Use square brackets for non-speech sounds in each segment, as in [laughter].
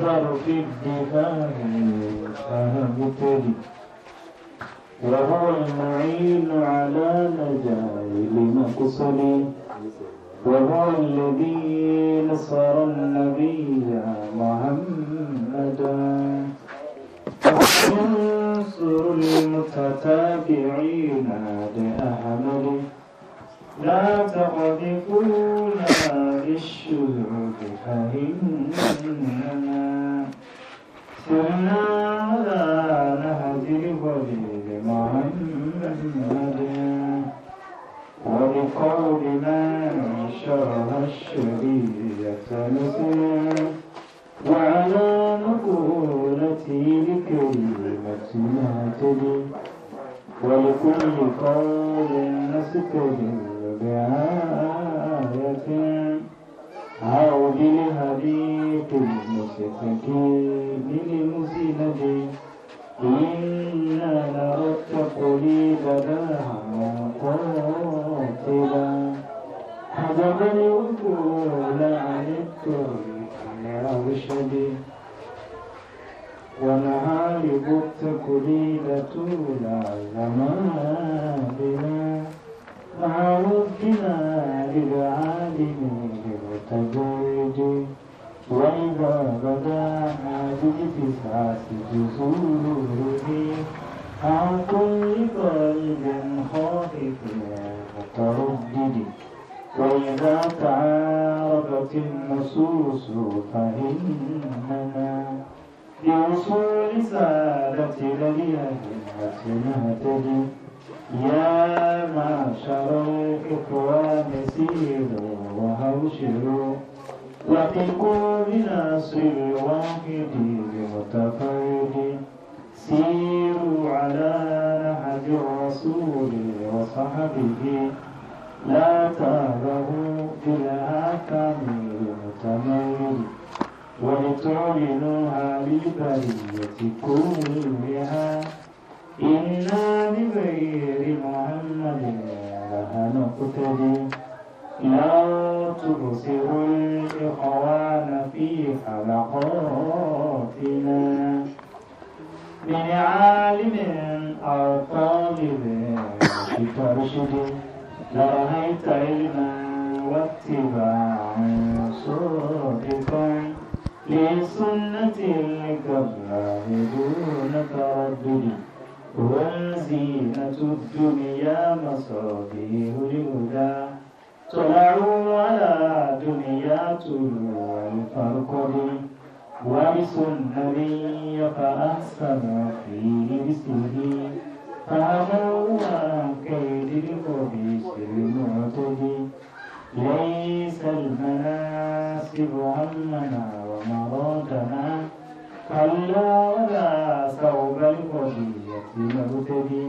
يظهر في الدماء فهم تلي وهو المعين على نجاة المقصد وهو الذي نصر النبي محمدا ينصر المتتابعين لأحمد لا تقذفون بالشذوذ فإننا سرنا على نهج الخليل محمد ولقول من شرح الشريعة نسيا وعلى مقولته لكلمة نهتدي ولكل قول نستدل بآية أو بالهديث المستقيم لمزينة إنا نرى التقليبنا قاتلا حجب الوصول عن الطريق الأرشد ونعارف التقليد طول زمان بنا مع ربنا للعالمين كالبرد وإذا بدا هذه تسعة جسوره عن كل قلب خاطف متردد وإذا تعارضت النصوص فإننا بوصول سعادة لليهمة نهتدي Ya yaaahaa cherụ koria sinoe dị tadị tiye ruadaahaị ọtụụdọtahadii na-akpa rụhụ dịraha kaire atai rinaọhar ịbarika ụmụnwue ha إنا بغير محمد لها نقتدي لا تبصر الإخوان في حلقاتنا من عالم أو طالب بترشد لرأيت علما واتباعا صادقا لسنة القبلة دون تردد هم زينة الدنيا مصابيح الهدى طلعوا على دنيا طلوع الفرقد وبسنة فأحسن فيه بسنه فهموا عن كيد الخبيث المعتدي ليس المناسب همنا ومرادنا كلا ولا ثوب الخبيث مبتدي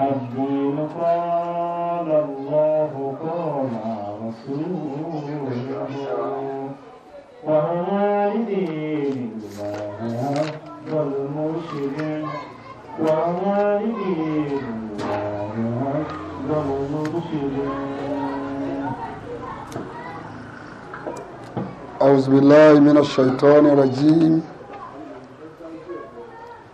الدين قال الله قال رسوله وهما لدين الله عبد المرشد وهما لدين الله عبد المرشد أعوذ بالله من الشيطان الرجيم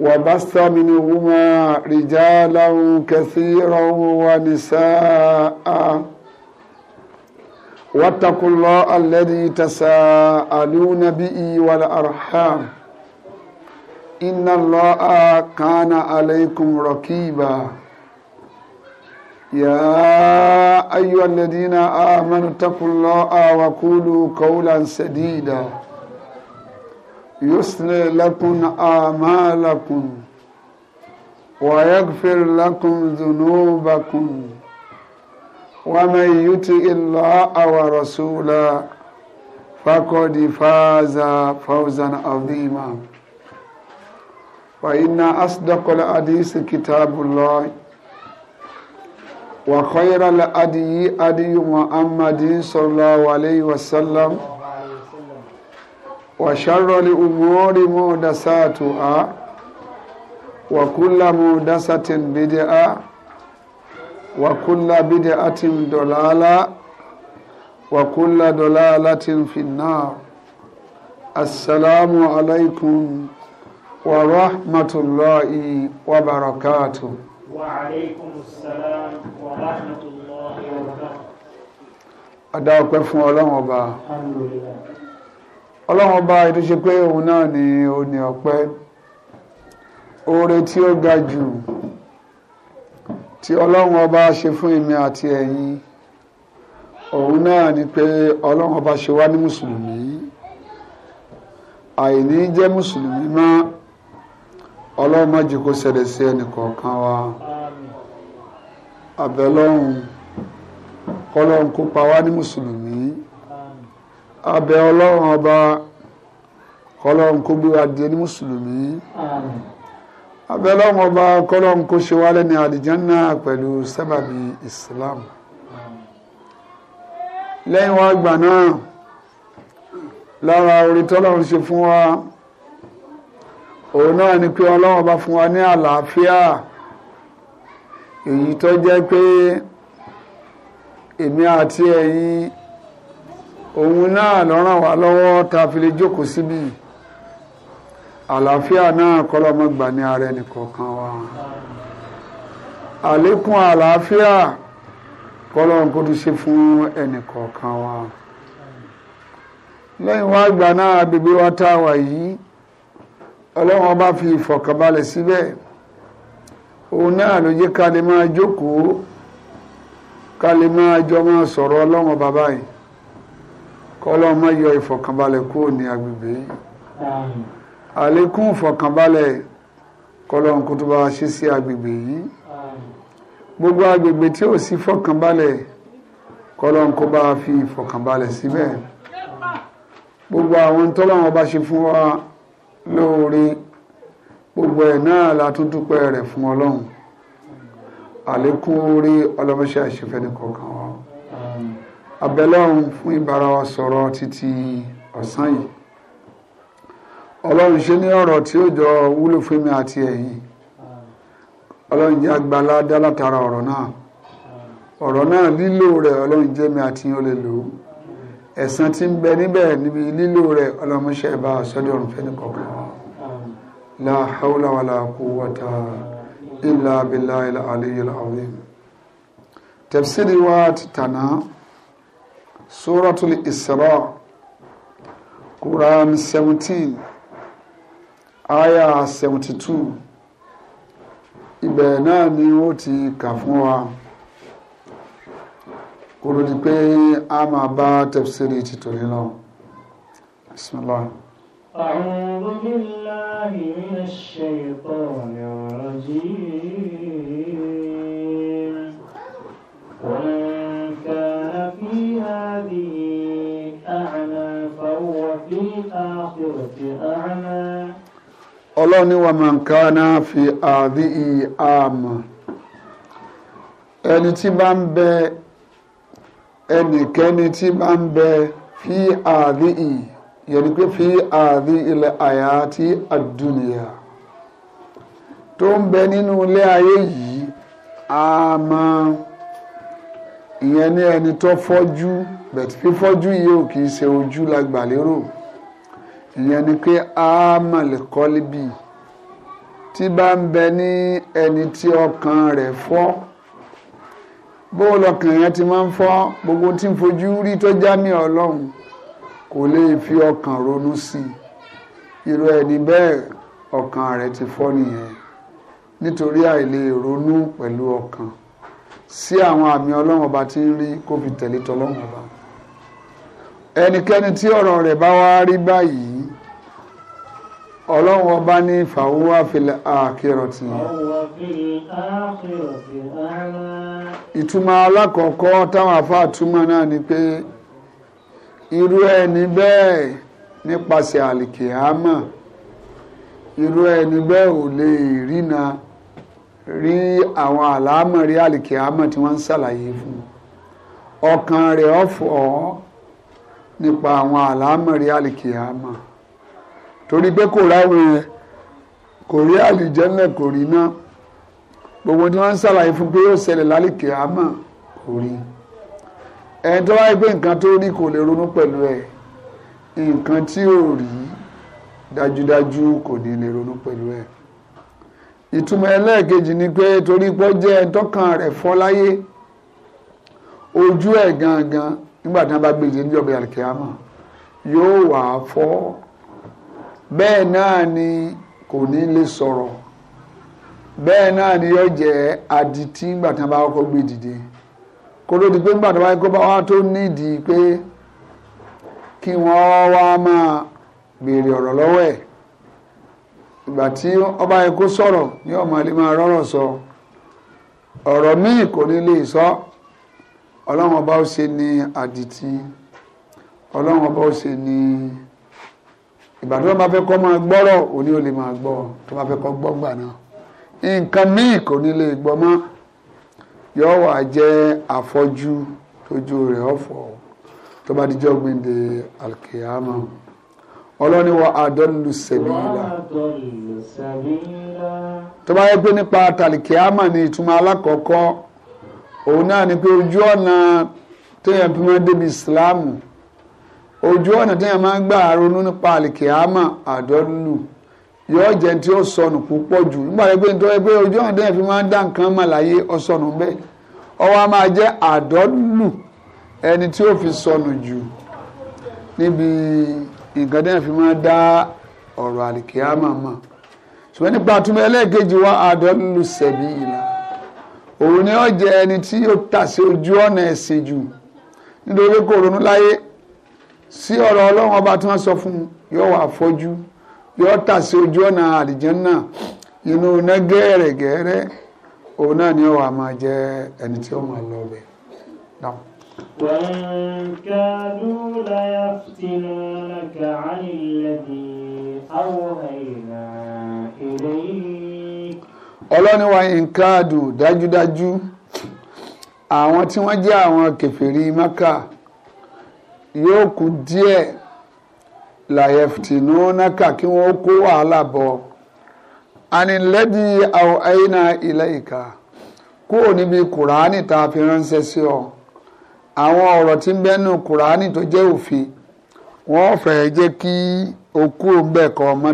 وبث منهما رجالا كثيرا ونساء واتقوا الله الذي تساءلون به والأرحام إن الله كان عليكم ركيبا يا أيها الذين آمنوا اتقوا الله وقولوا قولا سديدا يصلح لَكُمْ أعمالكم ويغفر لَكُمْ ذُنُوبَكُمْ وَمَنْ يُطِعِ اللَّهَ وَرَسُولَهُ فقد فَازَ فوزا عَظِيمًا فَإِنَّ أَصْدَقَ الحديث كِتَابُ اللَّهِ وخير الأدي أدي محمد صلى الله عليه وَسَلَّمَ وشر الأمور مهدساتها وكل مهدسة بدعة وكل بدعة ضلالة وكل ضلالة في النار السلام عليكم ورحمة الله وبركاته وعليكم السلام ورحمة الله وبركاته أدعوكم فوالله وبركاته ọlọ́run ọba ètò ṣe pé òun náà ni ó ní ọpẹ́ oore tí ó ga jù tí ọlọ́run ọba ṣe fún èmi àti ẹ̀yin òun náà ni pé ọlọ́run ọba ṣe wá ní mùsùlùmí àìní jẹ́ mùsùlùmí mọ́ ọlọ́run má jẹ́ kó ṣẹlẹ̀ sí ẹnìkọ̀ọ̀kan wa àbẹ̀lọ́run kọ́lọ́run kó wá ní mùsùlùmí abẹ ọlọ́run ọba kọlọ́run kó gbé wa di ẹni mùsùlùmí abẹ ọlọ́run ọba kọlọ́run kó ṣe wá lẹ́ni àlìjánná pẹ̀lú sábàbí islam lẹ́yìn wá gbà náà lára orí tọ́lọ́run ṣe fún wa òun náà ni pé ọlọ́run ọba fún wa ní àlàáfíà èyí tó jẹ́ pé èmi àti ẹ̀yin òun náà ló ràn wá lọ́wọ́ tá a fi lè jókòó síbí àlàáfíà náà kọ́lọ́mọ́gbà ní ara ẹnì kọ̀ọ̀kan wa àlékún àlàáfíà kọ́lọ́run kó tún ṣe fún ẹnì kọ̀ọ̀kan wa lẹ́yìn wá gbà náà agbègbè wa tá a wà yìí ọlọ́run ọba fi ìfọ̀kànbalẹ̀ síbẹ̀ òun náà ló jẹ́ ká lè máa jókòó ká lè máa jọ máa sọ̀rọ̀ ọlọ́run bàbá yìí kọ́lọ́ mọ́ yọ ìfọ̀kànbalẹ̀ kúrò ní agbègbè yìí àlékún ìfọ̀kànbalẹ̀ kọ́lọ́ kó tó bá ṣe sí agbègbè yìí gbogbo agbègbè tí ò sí fọ̀kànbalẹ̀ kọ́lọ́ kó bá fi ìfọ̀kànbalẹ̀ síbẹ̀ gbogbo àwọn tọ́lọ́wọ́n bá ṣe fún wa lóore gbogbo ẹ̀ náà la tún dúpẹ́ rẹ̀ fún ọlọ́run àlékún orí ọlọ́mọṣẹ́ àṣefẹ́ ní kọ̀ọ̀kan wa abẹ́lọ́run fún ìbára wa sọ̀rọ̀ títí ọ̀sán yìí ọlọ́run ṣe ní ọ̀rọ̀ tí ó jọ wúlò fún mi àti ẹ̀yin ọlọ́run jẹ́ agbálá dá látara ọ̀rọ̀ náà ọ̀rọ̀ náà lílò rẹ̀ ọlọ́run jẹ́ mi àti yín ó lè lò ó ẹ̀san tí ń bẹ níbẹ̀ níbi lílò rẹ̀ ọlọ́múṣẹ́ bá sọ́dọ̀ ọ̀run fẹ́ nìkọ̀ọ̀kan la hawla wala quwwata illa billahi al-aliyyil azim tafsiri wa ti suratul isra quran 17, aya 72. two ibẹ̀ náà ni ó ti kà fún wa kó ló pé a máa bá tafsiri tìtòlé lọ bisimilahi. أعوذ بالله من الشيطان الرجيم هذه أعمى فهو في الآخرة أعمى ọlọ́ni wa man kana fi àdìhì àmà ẹni tí bá ń bẹ ẹnikẹ́ni tí bá ń bẹ fi àdìhì yẹni pé fi àdìhì ilẹ̀ àyà ti àdúnìyà tó ń bẹ nínú ilé ayé yìí àmà ìyẹn ní ẹni tó fọ́jú bẹ̀t fífọ́jú yìí ò kì í ṣe ojú lágbàlérò ìyẹn ni pé ámàlì kọ́líbì tí bá ń bẹ ní ẹni tí ọkàn rẹ̀ fọ́ bó lọkàn yẹn ti máa ń fọ́ gbogbo tí ń fojú rí tó já mi ọlọ́run kò lè fi ọkàn ronú sí i irú ẹni bẹ́ẹ̀ ọkàn rẹ̀ ti fọ́ nìyẹn nítorí àìlè ronú pẹ̀lú ọkàn sí àwọn àmì ọlọ́run ọba tí ń rí kó fi tẹ̀lé tọlọ́run ọba ẹnikẹ́ni tí ọ̀rọ̀ rẹ̀ bá wá rí báyìí ọlọ́run ọba ní fàwọ́wá fìlẹ̀ àkírọ̀tì ìtumọ̀ alákọ̀ọ́kọ́ táwọn àfáà túmọ̀ náà ni pé irú ẹni bẹ́ẹ̀ nípasẹ̀ àlìkìámà irú ẹni bẹ́ẹ̀ ò lè rína rí àwọn àlámọ̀rí àlìkìámà tí wọ́n ń ṣàlàyé fún ọkàn rẹ̀ ọ̀fọ̀ nípa àwọn àlámọ̀rí àlìkìyàmà torí pé kò ráwé yẹn kò rí kori kò rí gbogbo tí wọ́n ń ṣàlàyé fún pé yóò ṣẹlẹ̀ lálìkìyàmà kò rí ẹni tó wáyé pé nǹkan tó rí kò lè ronú pẹ̀lú ẹ̀ nǹkan tí ò rí dájúdájú kò ní lè ronú pẹ̀lú ẹ̀ ìtumọ̀ ẹlẹ́ẹ̀kejì ni pé torí pọ́ jẹ́ ẹ̀ńtọ́kàn rẹ̀ ojú ẹ̀ gangan nígbà tí wọ́n bá gbé ìdíjọ́ bí alikiyama yóò wà á fọ́ náà ni kò ní lè sọ̀rọ̀ bẹ́ẹ̀ náà ni yóò jẹ́ adití nígbà tí wọ́n bá kọ́kọ́ gbé dìde kó ló di pé nígbà tí wọ́n bá kọ́ bá wá tó nídìí pé kí wọ́n wá máa béèrè ọ̀rọ̀ lọ́wọ́ ẹ̀ ìgbà tí ọba yẹn kó ní ọmọ ilé máa sọ ọ̀rọ̀ míì kò ní lè sọ. So ọlọ́run ọba ó ṣe ní àdìtí ọlọ́run ọba ó ṣe ní ìbàdàn bá fẹ́ kọ́ máa gbọ́rọ̀ òní ò lè máa gbọ́ tó bá fẹ́ kọ́ gbọ́ gbà náà nǹkan míì kò ní lè gbọ́ mọ́ yọ wà jẹ́ àfọ́jú tójú rẹ̀ ọ̀fọ̀ tó bá dijọ́ gbìndé alkiyama ọlọ́ni wa adọ́lù sẹ̀míìlà tó bá yẹ pé nípa tàlìkiyama ni ìtumọ̀ alákọ̀ọ́kọ́. òun náà ni pé ojú ọ̀nà téèyàn fi máa débi ìsìláàmù ojú ọ̀nà téèyàn máa ń gbà ronú nípa àlìkèámà àdọ́lù yóò jẹ́ tí ó sọnù púpọ̀ jù nígbà pé nítorí pé ojú ọ̀nà téèyàn fi máa ń dá nǹkan mà láyé ọ̀sọ̀nù bẹ́ẹ̀ ọwọ́ a máa jẹ́ àdọ́lù ẹni tí ó fi sọnù jù níbi nǹkan téèyàn fi máa dá ọ̀rọ̀ àlìkèámà mà ṣùgbọ́n nípa àtúmọ̀ ẹlẹ́ẹ̀kejì wa àdọ́lù sẹ̀bí òun ni jẹ ẹni tí ó ta sí ojú ọ̀nà ẹ̀sìn jù nítorí kò ronú láyé sí ọ̀rọ̀ ọlọ́run ọba tí wọ́n sọ fún yóò wà fọ́jú yóò tà sí ojú ọ̀nà àlìjẹ́nà inú iná gẹ́rẹ́gẹ́rẹ́ òun náà ni ó wà máa jẹ ẹni tí ó máa lọ ọlọ́niwa nǹkan àdùn dájúdájú àwọn tí wọ́n jẹ́ àwọn kèfèrí maka yóò kú díẹ̀ làyẹ̀fìtìnú náka kí wọ́n kó wàhálà bọ̀ anilẹ́dí àwọn ẹ̀yìnà ilẹ̀ ìka kúrò níbi kùránì tá a fi ránṣẹ́ sí ọ àwọn ọ̀rọ̀ tí ń bẹ́nu kùránì tó jẹ́ òfin wọ́n fẹ́ jẹ́ kí o ń bẹ̀ kọ́ ọmọ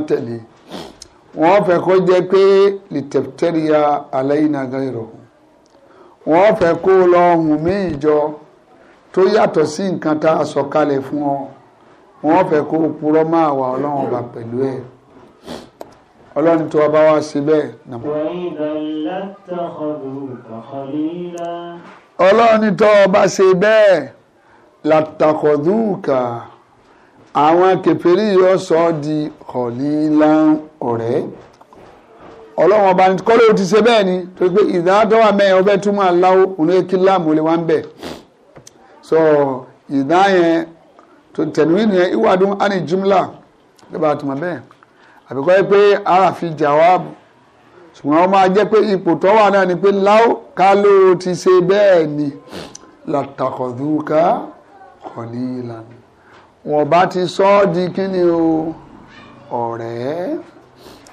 wọ́n fẹ́ kó jẹ́ pé lìtẹ̀tẹ̀ríya aláìnàgá ìrọ̀ wọ́n fẹ́ kó lọ hùn mí ìjọ tó yàtọ̀ sí nǹkan tá a sọ̀kalẹ̀ fún ọ wọ́n fẹ́ kó purọ́ máa wà ọlọ́run ọba pẹ̀lú ẹ̀ ọlọ́run tó ọba wá sí bẹ́ẹ̀ nàmú. ọlọ́run tó ọba ṣe bẹ́ẹ̀ làtàkọ̀dúkà àwọn kèfèrí yóò sọ di kọ̀lí ọ̀rẹ́ ọlọ́run ọba kọ́lé o ti ṣe bẹ́ẹ̀ ni torí pé ìdádọ́wà mẹ́rin ọbẹ̀ tún máa òun ló láàmú lè wá ń bẹ̀ so ìdá yẹn tó tẹ̀lé yẹn ìwádùn á ní jumla lọ́ba àtùmọ̀ bẹ́ẹ̀ àbíkọ́ pé àràfi jàwáàbù ṣùgbọ́n wọ́n máa jẹ́ pé ipò tó wà náà ni pé láwọ́ ká ló ti ṣe bẹ́ẹ̀ ni làtàkọ̀dúkà kọ̀lí ìlànà wọ́n bá ti sọ ọ́ di kíni o ọ̀rẹ́.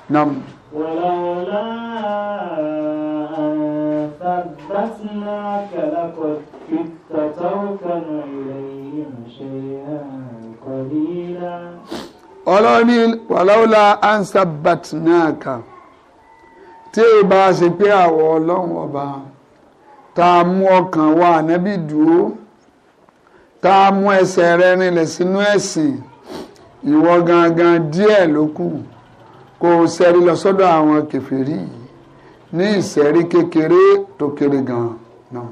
نعم ولولا أن ثبتناك لقد كدت تركن إليهم شيئا قليلا ọlọ́ni wàláwùlà ansabatnaka tí ì bá ṣe pé àwọ̀ ọlọ́run ọba tá a mú ọkàn wa ànábì dúró tá a mú ẹsẹ̀ rẹ̀ rinlẹ̀ sínú ẹ̀sìn ìwọ gangan díẹ̀ ló kù kó o ṣẹ́rí lọ sọ́dọ̀ àwọn kèfèrí yìí ní ìṣẹ́rí kékeré tó kéré gan-an náà.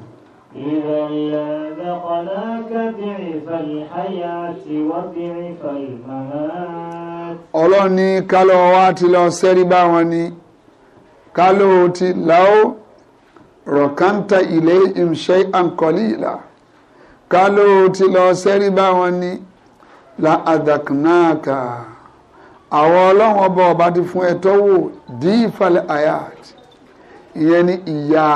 إذا لذقناك ضعف الحياة وضعف الممات. ọlọ́run ní kálọ̀ wa ti lọ sẹ́rí bá wọn ni kálọ̀ ti láwọ́ rọ̀kántà ilé ìmṣẹ́ àǹkọ́lì ìlà kálọ̀ ti lọ sẹ́rí bá wọn ni la àdàkùnáàkà àwọn ọlọ́run ọba ọba ti fún ẹ tọ́wò dín ìfàlẹ̀ ayat ìyẹn ni ìyá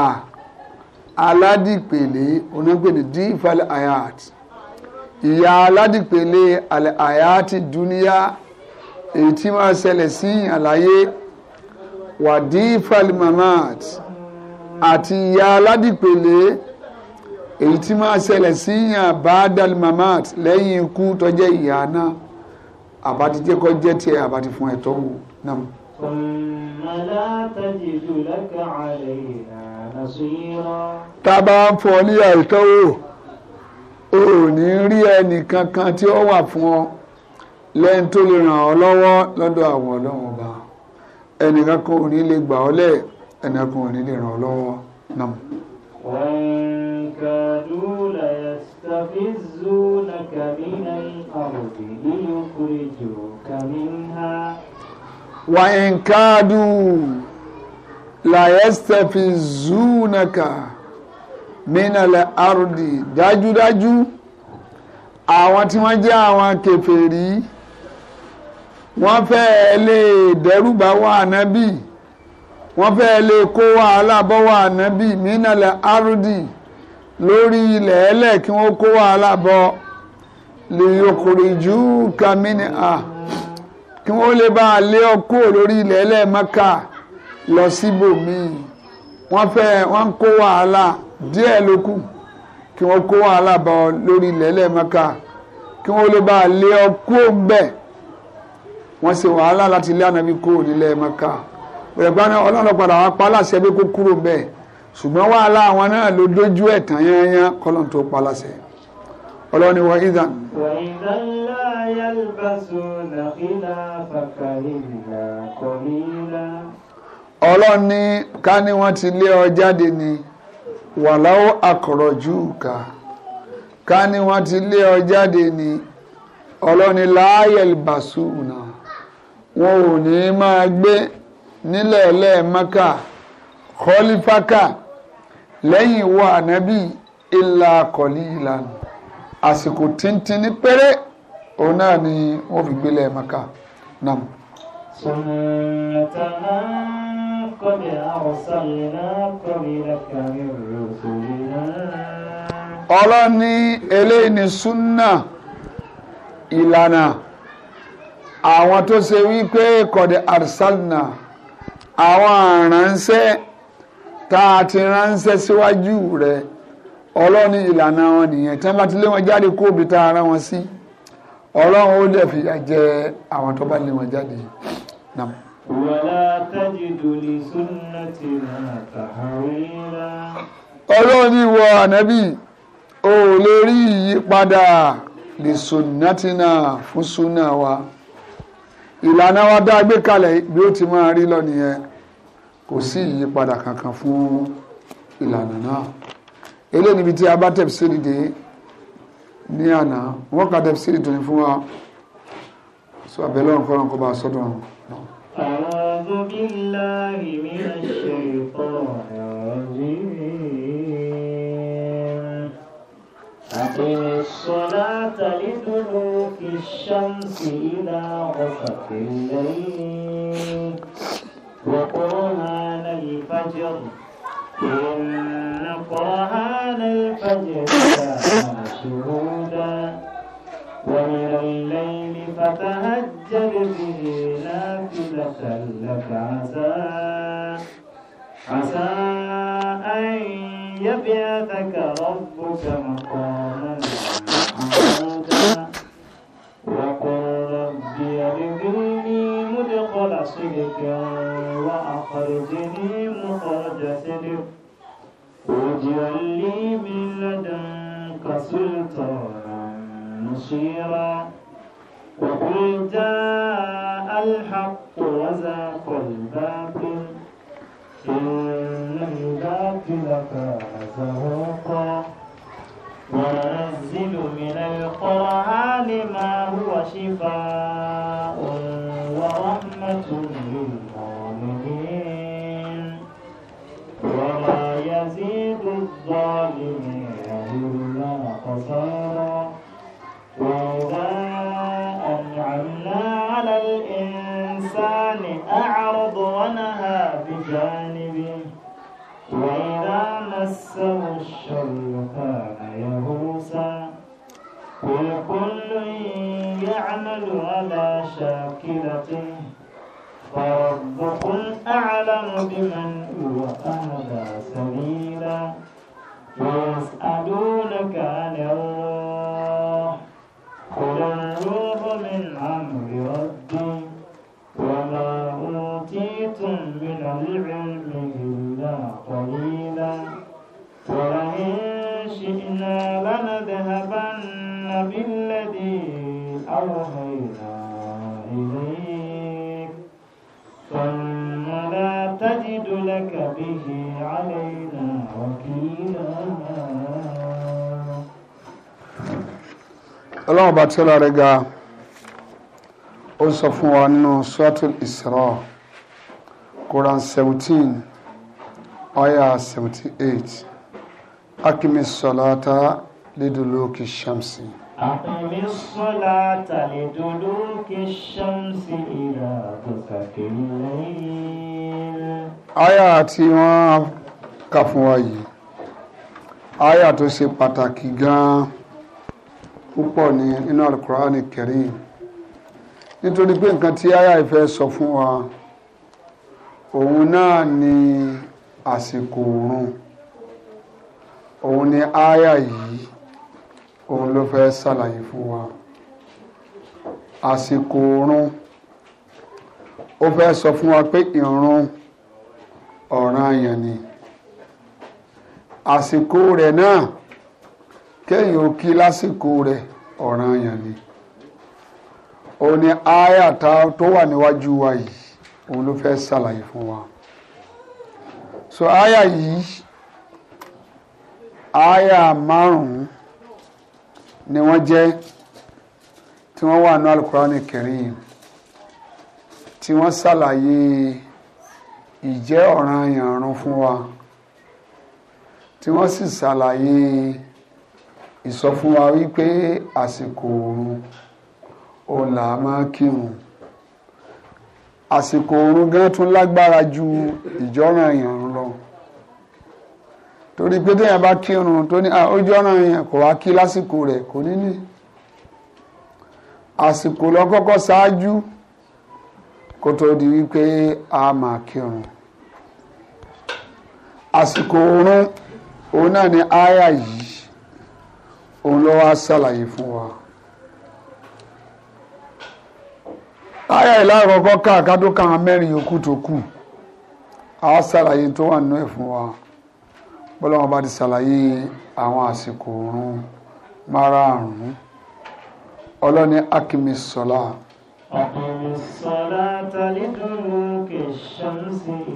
aládìpèlé onígbèdè dín ìfàlẹ̀ ayat ìyá aládìpèlé alẹ́ ayat dúníyà èyí tí máa ṣẹlẹ̀ sí ìyàn láyé wà dín ìfàlẹ̀ mamat àti ìyá aládìpèlé èyí tí máa ṣẹlẹ̀ sí ìyàn bá lẹ́yìn ikú tó ìyá náà àbátí jẹ́ kọ́ jẹ́ tiẹ̀ àbátí fún ẹ̀tọ́ wù náà. tá a bá ń fọ ní àìtọ́ wò o ò ní rí ẹnì kankan tí ó wà fún ọ lẹ́yìn tó lè ràn ọ́ lọ́wọ́ lọ́dọ̀ àwọn ọlọ́run ọba ẹnì kankan ò ní lè gbà ọ́ lẹ̀ ẹnì kankan ò ní lè ràn ọ́ lọ́wọ́ náà. وإن كادوا ليستفزونك من الأرض ليخرجوك منها وإن كادوا ليستفزونك من الأرض dájúdájú àwọn tí wọ́n jẹ́ àwọn kèfèrí wọ́n fẹ́ẹ́ lè dẹ́rùbà wá ànábì wọ́n fẹ́ẹ́ lè kó wàhálà bọ́ wá ànábì mínàlẹ̀ árùdì lórí ilẹ̀ ẹlẹ́ kí wọ́n kó wàhálà bọ́ lè yọkùnrin jù kàmínì à kí wọ́n lè bá a lé ọkọ lórí ilẹ̀ ẹlẹ́ẹ̀mẹ́ka lọ síbòmíì wọ́n fẹ́ wọ́n kó wàhálà díẹ̀ ló kù kí wọ́n kó wàhálà bá ọ lórí ilẹ̀ ẹlẹ́ẹ̀mẹ́ka kí wọ́n lè bá a lé ọkọ bẹ́ẹ̀ wọ́n ṣe wàhálà láti ilé ànábi kúrò nílẹ̀ ẹ̀mẹ́ka ìrẹ̀gbọ́n ní ọlọ́run padà wá pa láṣẹ pé kó kúrò bẹ́ẹ̀ ṣùgbọ́n wàhálà àwọn náà ló dójú ẹ̀ tán yányán kọ́lọ́n tó pa láṣẹ ọlọ́ni wọ ìdán. ọlọ́ni ká ní wọ́n ti lé ọ jáde ni wàláwó àkọ̀rọ̀jú ká ká ní wọ́n ti lé ọ jáde ni ọlọ́ni láàyè bàṣúùnà wọn ò ní máa gbé nílẹ̀ lẹ́ẹ̀mẹ́ka kọ́lífákà lẹ́yìn wa ànábì ìlà kọ̀lí ìlànà àsìkò tíntín ní péré òun náà ni wọ́n fi gbélé Mẹ́kà náà. sunnata ọlọ́ni eléyìí ni súnà ìlànà àwọn tó ṣe wípé qad arsalna àwọn àránṣẹ́ tá a ti ránṣẹ́ síwájú rẹ̀ ọlọ́run ní ìlànà wọn nìyẹn tí wọ́n bá ti lé wọn jáde kó obì tá ara wọn sí ọlọ́run ó dẹ̀ fìyà jẹ àwọn tó bá lé wọn jáde nà. wàlá tajidu li sunnatina tahwila. ọlọ́run ìwọ ànábì ò lè rí ìyípadà li sunnatina fún súnà wa ìlànà wa dá gbé kalẹ̀ bí ó ti máa rí lọ nìyẹn kò sí ìyípadà kankan fún ìlànà náà eléyìí níbi tí a bá tẹ̀síìrì dé ní àná wọ́n ka tẹ̀síìrì tó ní fún wa sọ abẹ́lẹ́ ọ̀nkọ́ ọ̀nkọ́ bá sọ́dọ̀ ọ̀hún. A'udhu billahi minash shaytanir rajim. Aqimis salata liduluki ash طلعان الفجر كان شهودا ومن الليل فتهجر به نافلة لك عسى عسى أن يبعثك ربك مقاما محمودا وقل ربي ادخلني مدخل صدق وأخرجني سلطانا نصيرا وقل جاء الحق وزاق الباطل إن الباطل كان زهوقا وننزل من القرآن ما هو شفاء ورحمة العمل على شاكلته فربكم أعلم بمن هو أهدى سبيلا يسألونك عن الله قل الروح من أمر ربي وما أوتيتم من العلم إلا قليلا ولئن شئنا لنذهبن بالله عليها إليك ثم ọlọ́run ọba tí rẹ̀ ga ó sọ fún wa nínú salata shamsi. أقم الصلاة لدلوك الشمس إلى غسق الليل àyà tí wọ́n kà fún wa yìí àyà tó ṣe pàtàkì gan-an púpọ̀ ní nínú Al-Qur'ani nítorí pé nǹkan tí àyà ìfẹ́ sọ fún wa òun náà ni àsìkò oorun òun ni àyà yìí òun ló fẹ́ ṣàlàyé fún wa àsìkò oorun ó fẹ́ sọ fún wa pé ìrun ọ̀ranyàn ni àsìkò rẹ̀ náà kéèyàn ó kí lásìkò rẹ̀ ọ̀ranyàn ni òun ni àyàtà tó wà níwájú wa yìí òun ló fẹ́ ṣàlàyé fún wa so àyà yìí àyà márùn-ún ni wọ́n jẹ́ tí wọ́n wà ní alukurani Karim tí wọ́n ṣàlàyé ìjẹ́ ọ̀ranyàn ìrun fún wa tí wọ́n sì ṣàlàyé ìsọfún wa wípé àsìkò oorun òun là máa kírun àsìkò oorun gan tún lágbára ju ìjọ́ranyàn ìrun lọ torí pé téèyàn bá kírun tó ní ojú ọ̀nà yẹn kò wá kí lásìkò rẹ̀ kò ní ní àsìkò lọ kọ́kọ́ ṣáájú kò tó di wípé a máa kírun àsìkò oorun òun náà ni aya yìí òun bọ́lọ́wọ́n bá ti ṣàlàyé àwọn àsìkò oorun márààrún ọlọ́ni akimi sọ́lá. akimi sọ́lá tàlídùnú kì í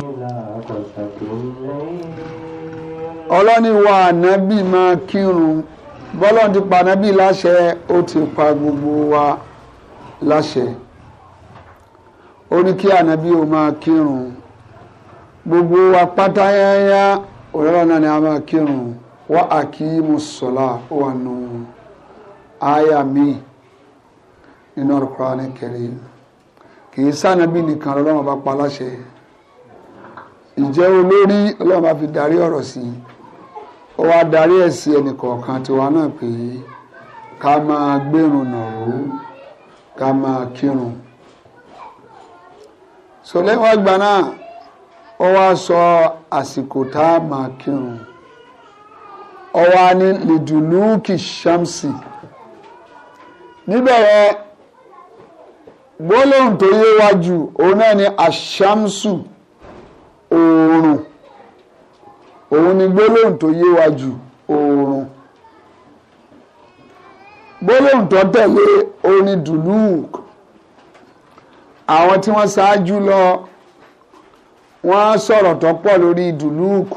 ìlà àkọ́tàkì ọlọ́ni wa ànábì máa kírun bọ́lọ́n ti pa ànábì láṣẹ ó ti pa gbogbo wa láṣẹ ó ní kí ànábì ó máa kírun gbogbo wa pátá òyìnbó náà ni a máa kírun wá àkíyímù sọlá ó wà nù àyà mi nínú Al-Qur'ani Karim kìí sànàbí nìkan lọ́wọ́ bá pa láṣẹ ìjẹ́ olórí ọlọ́run bá fi darí ọ̀rọ̀ sí i ó wá darí ẹ̀ sí ẹnìkọ̀ọ̀kan tiwa náà pé ká máa gbérun nàró ká máa kírun sọlẹ́wọ̀n àgbà náà ó wá sọ àsìkò tá a máa kírun ó wá ní lìdùlùkì ṣámsì níbẹ̀ yẹn gbólóhùn tó yé wájú òun náà ni àṣàmsù oòrùn òun ni gbólóhùn tó yé wájú oòrùn gbólóhùn tó tẹ̀lé òun ni àwọn tí wọ́n ṣáájú lọ wọ́n sọ̀rọ̀ tó pọ̀ lórí dùlúùkù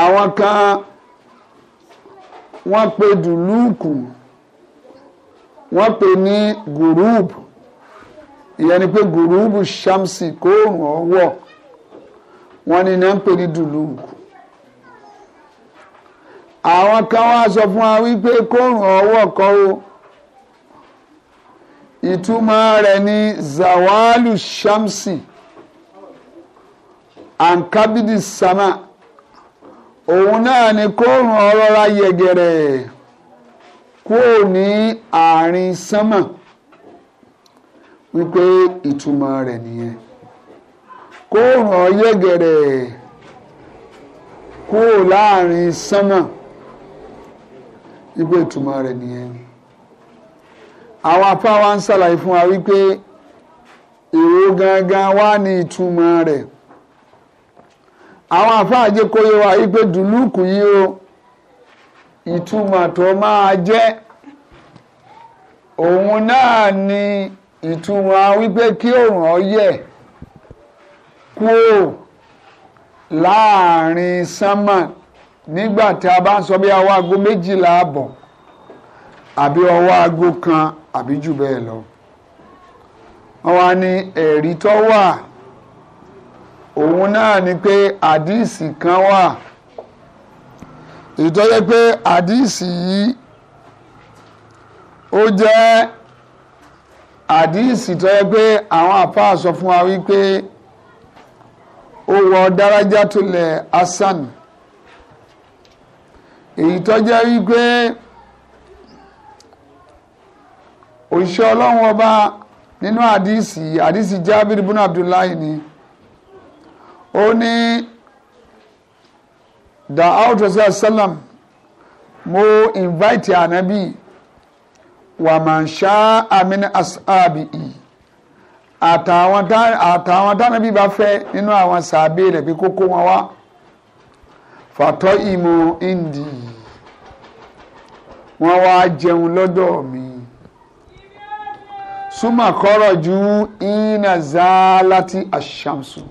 àwọn kan wọ́n pe dùlúùkù wọ́n pe ní gùrúùbù ìyẹn ni pé gùrúùbù ṣàmsì kóòrùn ọwọ́ wọ́n ní náà ń pè ní dùlúùkù àwọn kan wá sọ fún wa wípé kóòrùn ọwọ́ kan o ìtumọ̀ rẹ̀ ni zawalu shamsi ankabidi sama òun náà ni kóòrùn ọlọ́ra yẹgẹrẹ kúrò ní àárín sánmà wípé ìtumọ̀ rẹ̀ nìyẹn kóòrùn ọyẹgẹrẹ kúrò láàárín sánmà wípé ìtumọ̀ rẹ̀ nìyẹn àwọn apá wa ń ṣàlàyé fún wa wípé èwo gangan wá ní ìtumọ̀ rẹ̀ àwọn apá àjẹkọyọ wa wípé dùlúùkù yìí o ìtumọ̀ tó máa jẹ́ òun náà ni ìtumọ̀ wípé kí òrùn ọ yẹ̀ kúò láàrin sánmà nígbà tí a bá ń sọ bí ọwọ́ aago méjìlá àbọ̀ àbí ọwọ́ aago kan àbí jù bẹ́ẹ̀ lọ wọ́n wá ní ẹ̀rí tó wà òun náà ni pé àdíìsì kan wà èyí pé àdíìsì yìí ó jẹ́ àdíìsì tó yẹ pé àwọn àpá sọ fún wa wípé ó wọ dárájà tó lẹ̀ hasan èyí tó jẹ́ wípé. òṣìṣẹ́ ọlọ́run ọba nínú àdìsí àdìsí jábìrì bùnú abdullahi ni ó ní da outrasi asalam mo invite anabi wa máa ń ṣá amínú asáàbì yìí àtàwọn tánàbí bá fẹ́ nínú àwọn sàbẹ rẹ̀ pé kókó wọn wá fàtọ́ ìmọ̀ indi wọ́n wá jẹun lọ́dọ̀ mi súnmọ́ kọ́rọ̀ ju iná zálátì àṣàmùsù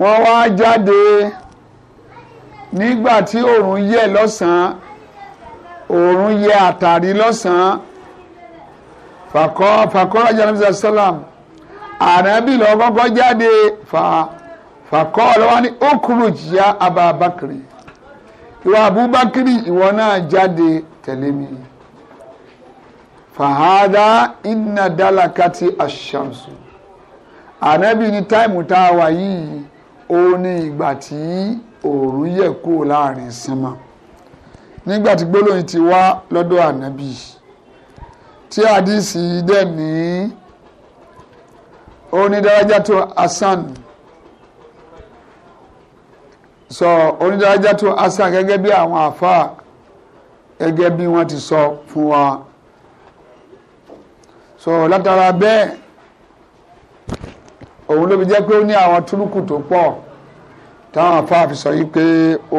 wọ́n wá jáde nígbà tí òòrùn yẹ lọ́sàn-án òòrùn yẹ àtàrí lọ́sàn-án fàkọ́ fàkọ́rọ̀ jẹ́ nàbísà sálàm ànábì lọ kọ́kọ́ jáde fà fàkọ́ ọlọ́wọ́ ní okruj ya ababakiri ìwà abubakiri ìwọ náà jáde tẹ̀lé mi. fahada iná dálákàtì àṣàmùsù anabi ní táìmù tá a wà yìí ó ní ìgbà tí òòrùn kúrò láàrin nígbà ti wá lọ́dọ̀ anabi tí àdìsí dẹ̀ ní ó ní dárájà tó hasan sọ onídàájá tó hasan gẹ́gẹ́ bí àwọn àfáà gẹ́gẹ́ bí wọ́n ti sọ fún so látara bẹ́ẹ̀ òun ló fi jẹ́ pé ó ní àwọn túrúkù tó pọ̀ táwọn afáàfi sọ yìí pé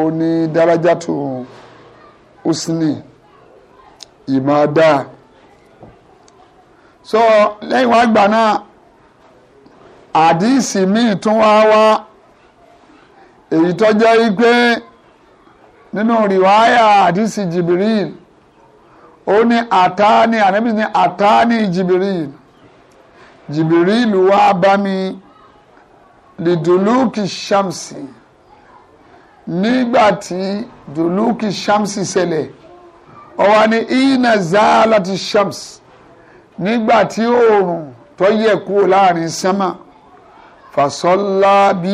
ó ní dáràjàtù usni ìmọ̀ọ́dá so lẹ́yìn wá gbà náà àdíìsì míì tún wá wá èyí tó jẹ́ wípé nínú rìwáyà àdíìsì Jibril ó ní àtàní ànábì ní àtàní jìbìrìl jìbìrìl wá bá mi lìdùlùkì ṣàmsì nígbà tí dùlùkì ṣàmsì ṣẹlẹ̀ ó wá ní ìnà zálàtì ṣàmsì nígbà tí oòrùn tó yẹ kúrò láàrin sánmà fàṣọlá bí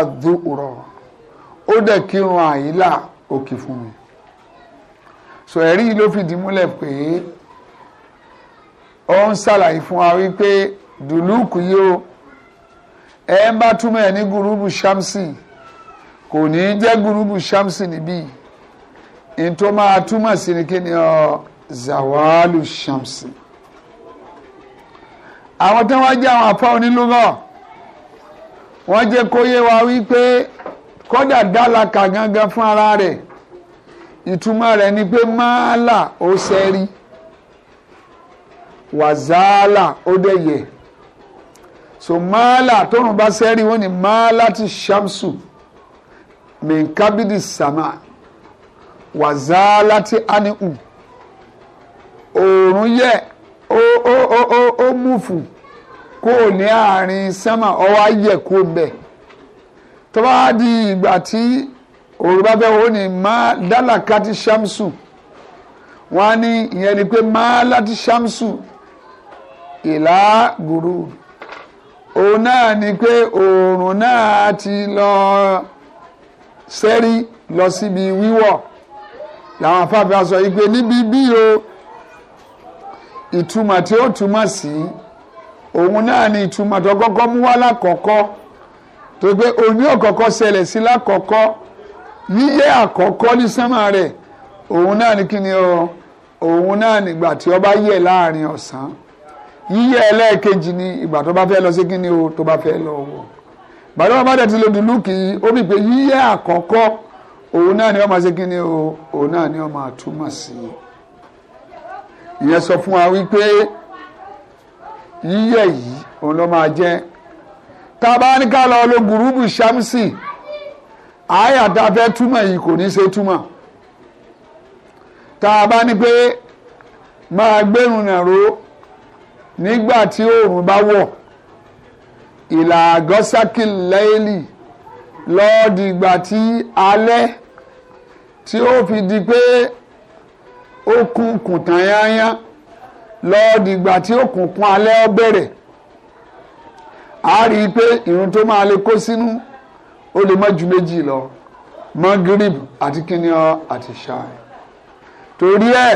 àdúrà ó dẹ̀ kírun àyílà òkè fún mi so ẹ̀rí yìí ló fìdí múlẹ̀ pé ó ń ṣàlàyé fún wa wípé dùlúùkù yìí ó ẹ bá túmọ̀ ẹ̀ ní gurubu shamsi kò ní í jẹ́ gurubu shamsi níbí ní tó máa túmọ̀ sí ni kí ni ọ zawalu shamsi àwọn tí wọ́n jẹ́ àwọn àpá onílùmọ̀ wọ́n jẹ́ kó yé wa wípé kódà dálaka gangan fún ara rẹ̀ ìtumọ̀ rẹ̀ ni pé máàlà ó sẹ́rí wàzáàlà ó dẹ̀yẹ̀ so máàlà tóun bá sẹ́rí wọ́n ní máàlà ti ṣàmsù mẹ́ńkábídì sàmà wàzáàlà ti ánìkù òòrùn yẹ ó ó ó ó ó múfù kó o ní àárín sánmà ọwọ́ ayẹ̀ kó o bẹ̀ tó bá di ìgbà tí òrùba fẹ́ wọ́n ní máa dálàkà ti ṣàmsù á ní ìyẹn ni pé máa láti ṣàmsù ìlà gùrù òun náà ni pé òòrùn náà ti lọ sẹ́rí lọ síbi wíwọ̀ làwọn afáfẹ́ sọ yìí pé níbi bí o ìtumọ̀ tí ó túmọ̀ sí òun náà ni ìtumọ̀ tó kọ́kọ́ mú wá lákọ̀ọ́kọ́ tó pé òun ní òkọ́kọ́ ṣẹlẹ̀ sí lákọ̀ọ́kọ́ yíyẹ àkọ́kọ́ ní sánmà rẹ̀ òun náà ní kíni o òun náà nígbà tí ó bá yẹ láàrin ọ̀sán yíyẹ ẹlẹ́ẹ̀kejì ní ìgbà tó bá fẹ́ lọ sí kíni o tó bá fẹ́ lọ wọ̀ bàdó bá dẹ̀ ti lo dùlùkì yìí ó bí pé yíyẹ àkọ́kọ́ òun náà ni wọ́n máa ṣe kíni o òun náà ni wọ́n máa túmọ̀ sí i ìyẹn sọ fún wa wípé yíyẹ yìí òun ló máa jẹ́ tá a bá ní ká lọ lo gùrúbù ṣámsì àyà tá a fẹ́ túmọ̀ yìí kò ní ṣe túmọ̀ tá a bá ní pé máa gbẹ́rùn náà ró nígbà tí oòrùn bá wọ̀ ìlà àgọ́sákì lẹ́ẹ̀lì lọ́ọ́dì ìgbà tí alẹ́ tí ó fi di pé ó kún kùntàn yányán lọ́ọ́dì ìgbà tí ó kún kún alẹ́ ó bẹ̀rẹ̀ a rí i pé ìrun tó máa lè kó sínú ó lè má ju méjì lọ magrib àti kíniọ àti ṣáì torí ẹ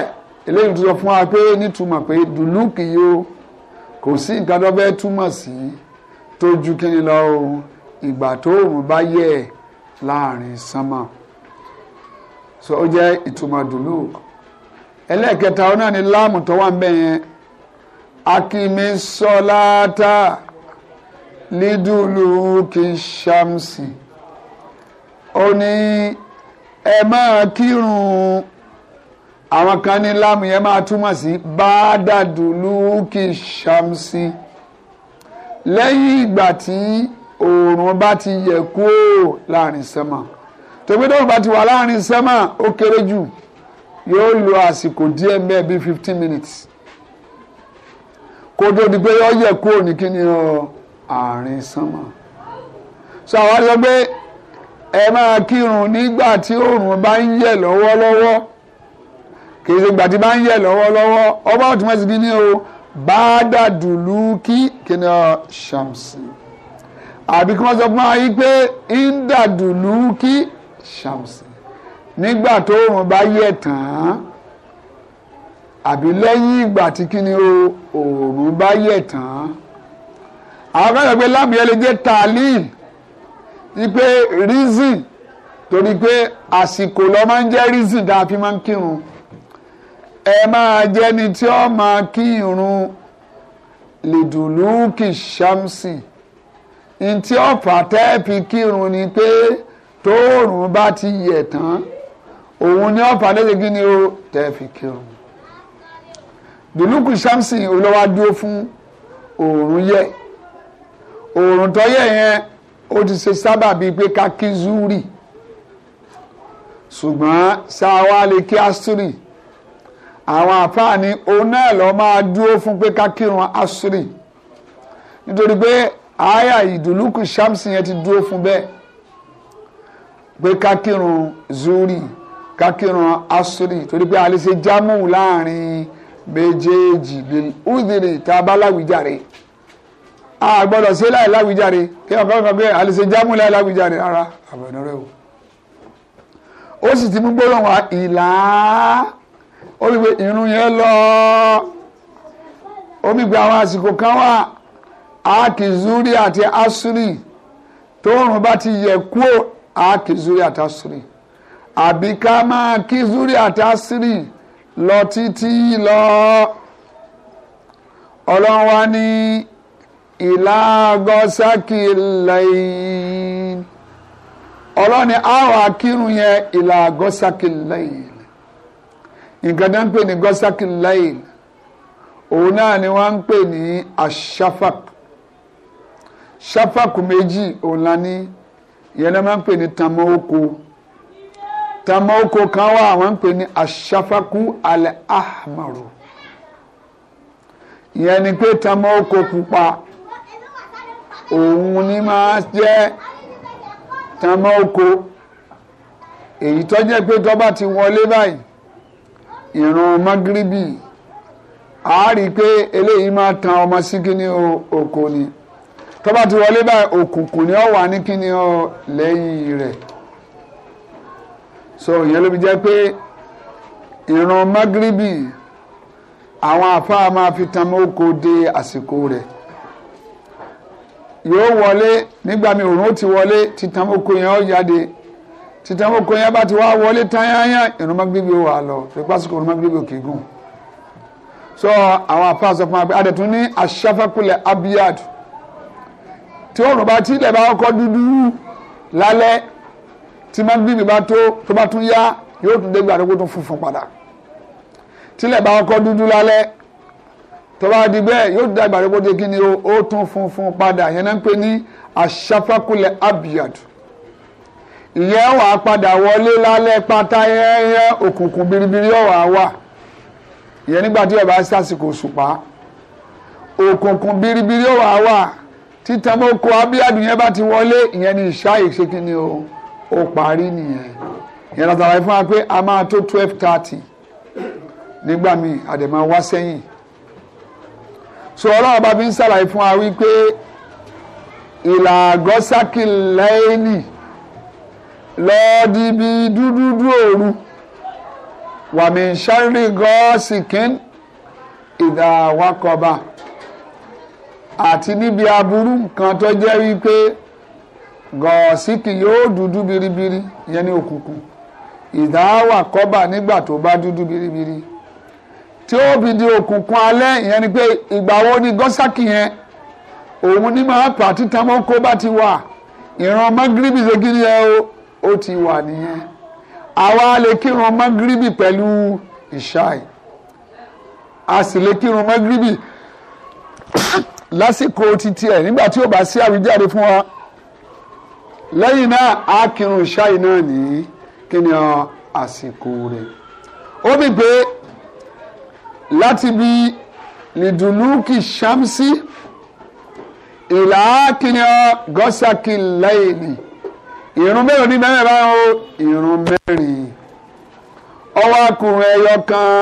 eléyìí tó sọ fún wa pé nítumọ̀ pé dùlúkì yóò kò sí nǹkan tó bẹ́ẹ̀ túmọ̀ sí tó ju kíni lọ o ìgbà tó òun bá yẹ̀ láàrin sánmà so ó jẹ́ ìtumọ̀ dùlúkì ẹlẹ́ẹ̀kẹta ọ náà ni láàmù tó wà ń bẹ̀ yẹn akínísọ́láta lídùlù kìí ṣàmùsì ó ní ẹ máa kírun àwọn kan ní láàmù yẹn máa túmọ̀ sí bàdàdùlùkì ṣàmùsí lẹ́yìn ìgbà tí oòrùn bá ti yẹ kúrò láàrin sẹ́mà tòbídọ́rùn bá ti wà láàrin sẹ́mà ó kéré jù yóò lo àsìkò díẹ̀ mẹ́ẹ̀ bíi fifteen minutes kó tó di pé yọ yẹ kúrò ní kíni ọ àárín sánmà so àwọn àti sọ pé ẹ máa kírun nígbà tí oòrùn bá ń yẹ̀ lọ́wọ́lọ́wọ́ kì í ṣe gbàtí bá ń yẹ̀ lọ́wọ́lọ́wọ́ ọba ọ̀túnmọ̀ sí ní o bá dàdùlù kí kìnìún ṣàmùsì àbí kí wọ́n sọ fún wa yí pé ń dàdùlù kí ṣàmùsì nígbà tó oòrùn bá yẹ̀ tán àbí lẹ́yìn ìgbà tí kíni o oòrùn bá yẹ̀ tán àwọn kan pé láàmì yẹn ipe reason torí pé àsìkò lọ máa ń jẹ́ reason tá a fi máa ń kírun ẹ máa jẹ́ni tí ó máa kírun lìdùlùkì ṣámsì ntí ọ̀pá tẹ́ẹ̀pì kírun ni pé tóòrùn bá ti yẹ̀ tán òun ni ọ̀pá tẹ́ẹ̀pì kí ni ó tẹ́ẹ̀pì kírun dùlùkù ṣámsì olówádúró fún òòrùn yẹ òòrùn tó yẹ yẹn ó ti ṣe sábàbí pé ká kí zúrì ṣùgbọ́n ṣáwá lè kí asúrì àwọn àfáàní òun náà lọ máa dúró fún pé ká kírun asúrì nítorí pé àáyà ìdùlùkù ṣámsì yẹn ti dúró fún bẹ́ẹ̀ pé ká kírun zúrì ká kírun asúrì torí pé a ṣe jámù láàrin méjèèjì lè údìrì tá a bá láwùjáre a gbọ́dọ̀ ṣe láì láwùjáde kí ọ̀gá ọ̀gá pé àlèṣe jámù láì láwùjáde ara àbẹ̀nú rẹ̀ o ó sì ti mú gbólóhùn wa ìlà ó rí pé irun yẹn lọ omi gba àwọn àsìkò kan wà àkìzúrí àti asúrì tóòrùn bá ti yẹ kúò àkìzúrí àti asúrì àbí ká máa kìzúrí àti asúrì lọ títí lọ ọlọ́run wa ní ìlà gọ́sákì lẹ́yìn ọlọ́ni àwọn akírun yẹn ìlà gọ́sákì lẹ́yìn nǹkan tó ń pè ní gọ́sákì òun náà ni wọ́n ń pè ní ashafak shafak méjì òun la ní ìyẹn náà máa ń pè ní tamọ́ oko kan wà wọ́n ń pè ní ashafaku alẹ́ ahmaru ìyẹn ni pé tamọ́ pupa òun ni máa jẹ́ tamọ́ oko èyí tó jẹ́ pé tó bá ti wọlé báyìí ìrun magribi a rí i pé eléyìí máa tan ọmọ sí kíní oko ni tó bá ti wọlé báyìí òkùnkùn ni ó wà ní kíní o lẹ́yìn rẹ̀ so ìyẹn ló fi jẹ́ pé ìrun magribi àwọn àfáà máa fi tamọ́ oko dé àsìkò rẹ̀ yóò wọlé nígbà mi òòrùn ó ti wọlé títan oko yẹn ó jáde títan oko yẹn bá ti wá wọlé tányányá ìrun magrebi ó wà lọ pípásíkò ìrun magrebi ò kígùn so àwọn apá sọ fún wa pé adẹ̀tún ní aṣáfẹ́kulẹ̀ abiyad tí òòrùn bá tí ilẹ̀ bá kọ́kọ́ dúdú lálẹ́ tí magrebi bá tó tó bá tún yá yóò tún dégbà tó kó funfun padà tílẹ̀ bá kọ́kọ́ dúdú lálẹ́ tó bá di bẹ́ẹ̀ yóò dàgbà rẹ̀ bóde kí ni o ó tún funfun padà yẹn náà ń pè ní aṣafakulẹ̀ abiyad ìyẹn wà á padà wọlé lálẹ́ pátá yẹ́yẹ́ òkùnkùn biribiri ọ̀wà wà ìyẹn nígbà tí ọba sásìkò ṣùpá òkùnkùn biribiri ọ̀wà wà títan mọ́kọ abíyàdùn yẹn bá ti wọlé ìyẹn ní ìṣá ìṣekínni o ó parí nìyẹn ìyẹn látara fún wa pé a máa tó twelve thirty nígbà míì àdèmọ̀ wá sẹ́yìn so ọlọ́run bá fi ń ṣàlàyé fún wa wípé ìlà àgọ́sákì lẹ́yìnì lọ́ọ́dí bí dúdúdú òru wàmí sáré gọ́ọ̀sìkín ìdá wákọ̀ọ́bà àti níbi aburú nǹkan tó jẹ́ wípé gọ̀ọ̀sìkì yóò dúdú biribiri yẹn ní òkùnkùn ìdá wákọ̀ọ́bà nígbà tó bá dúdú biribiri. Biri tí ó fi di òkùnkùn alẹ́ ìyẹn ni pé ìgbà wo ni gọ́sákì yẹn òun ní máa pa títa mọ́kó bá ti wà ìran mọ́gíríbì ṣe kí ni ẹ ó ti wà nìyẹn àwa lè kírun mọ́gíríbì pẹ̀lú ìṣáì a sì lè kírun mọ́gíríbì lásìkò títí ẹ̀ nígbà tí ó bá sí àwíjáde fún wa lẹ́yìn náà a kírun ìṣáì náà ní kí ni àsìkò rẹ̀ ó bì pé láti bí lìdùlùkì ṣámsì ìlà kìnìún gọ́sàkì lẹ́yìnì ìrun mẹ́rin ní mẹ́rin báyìí ó ìrun mẹ́rin ọwọ́ akùnrin ẹyọ kan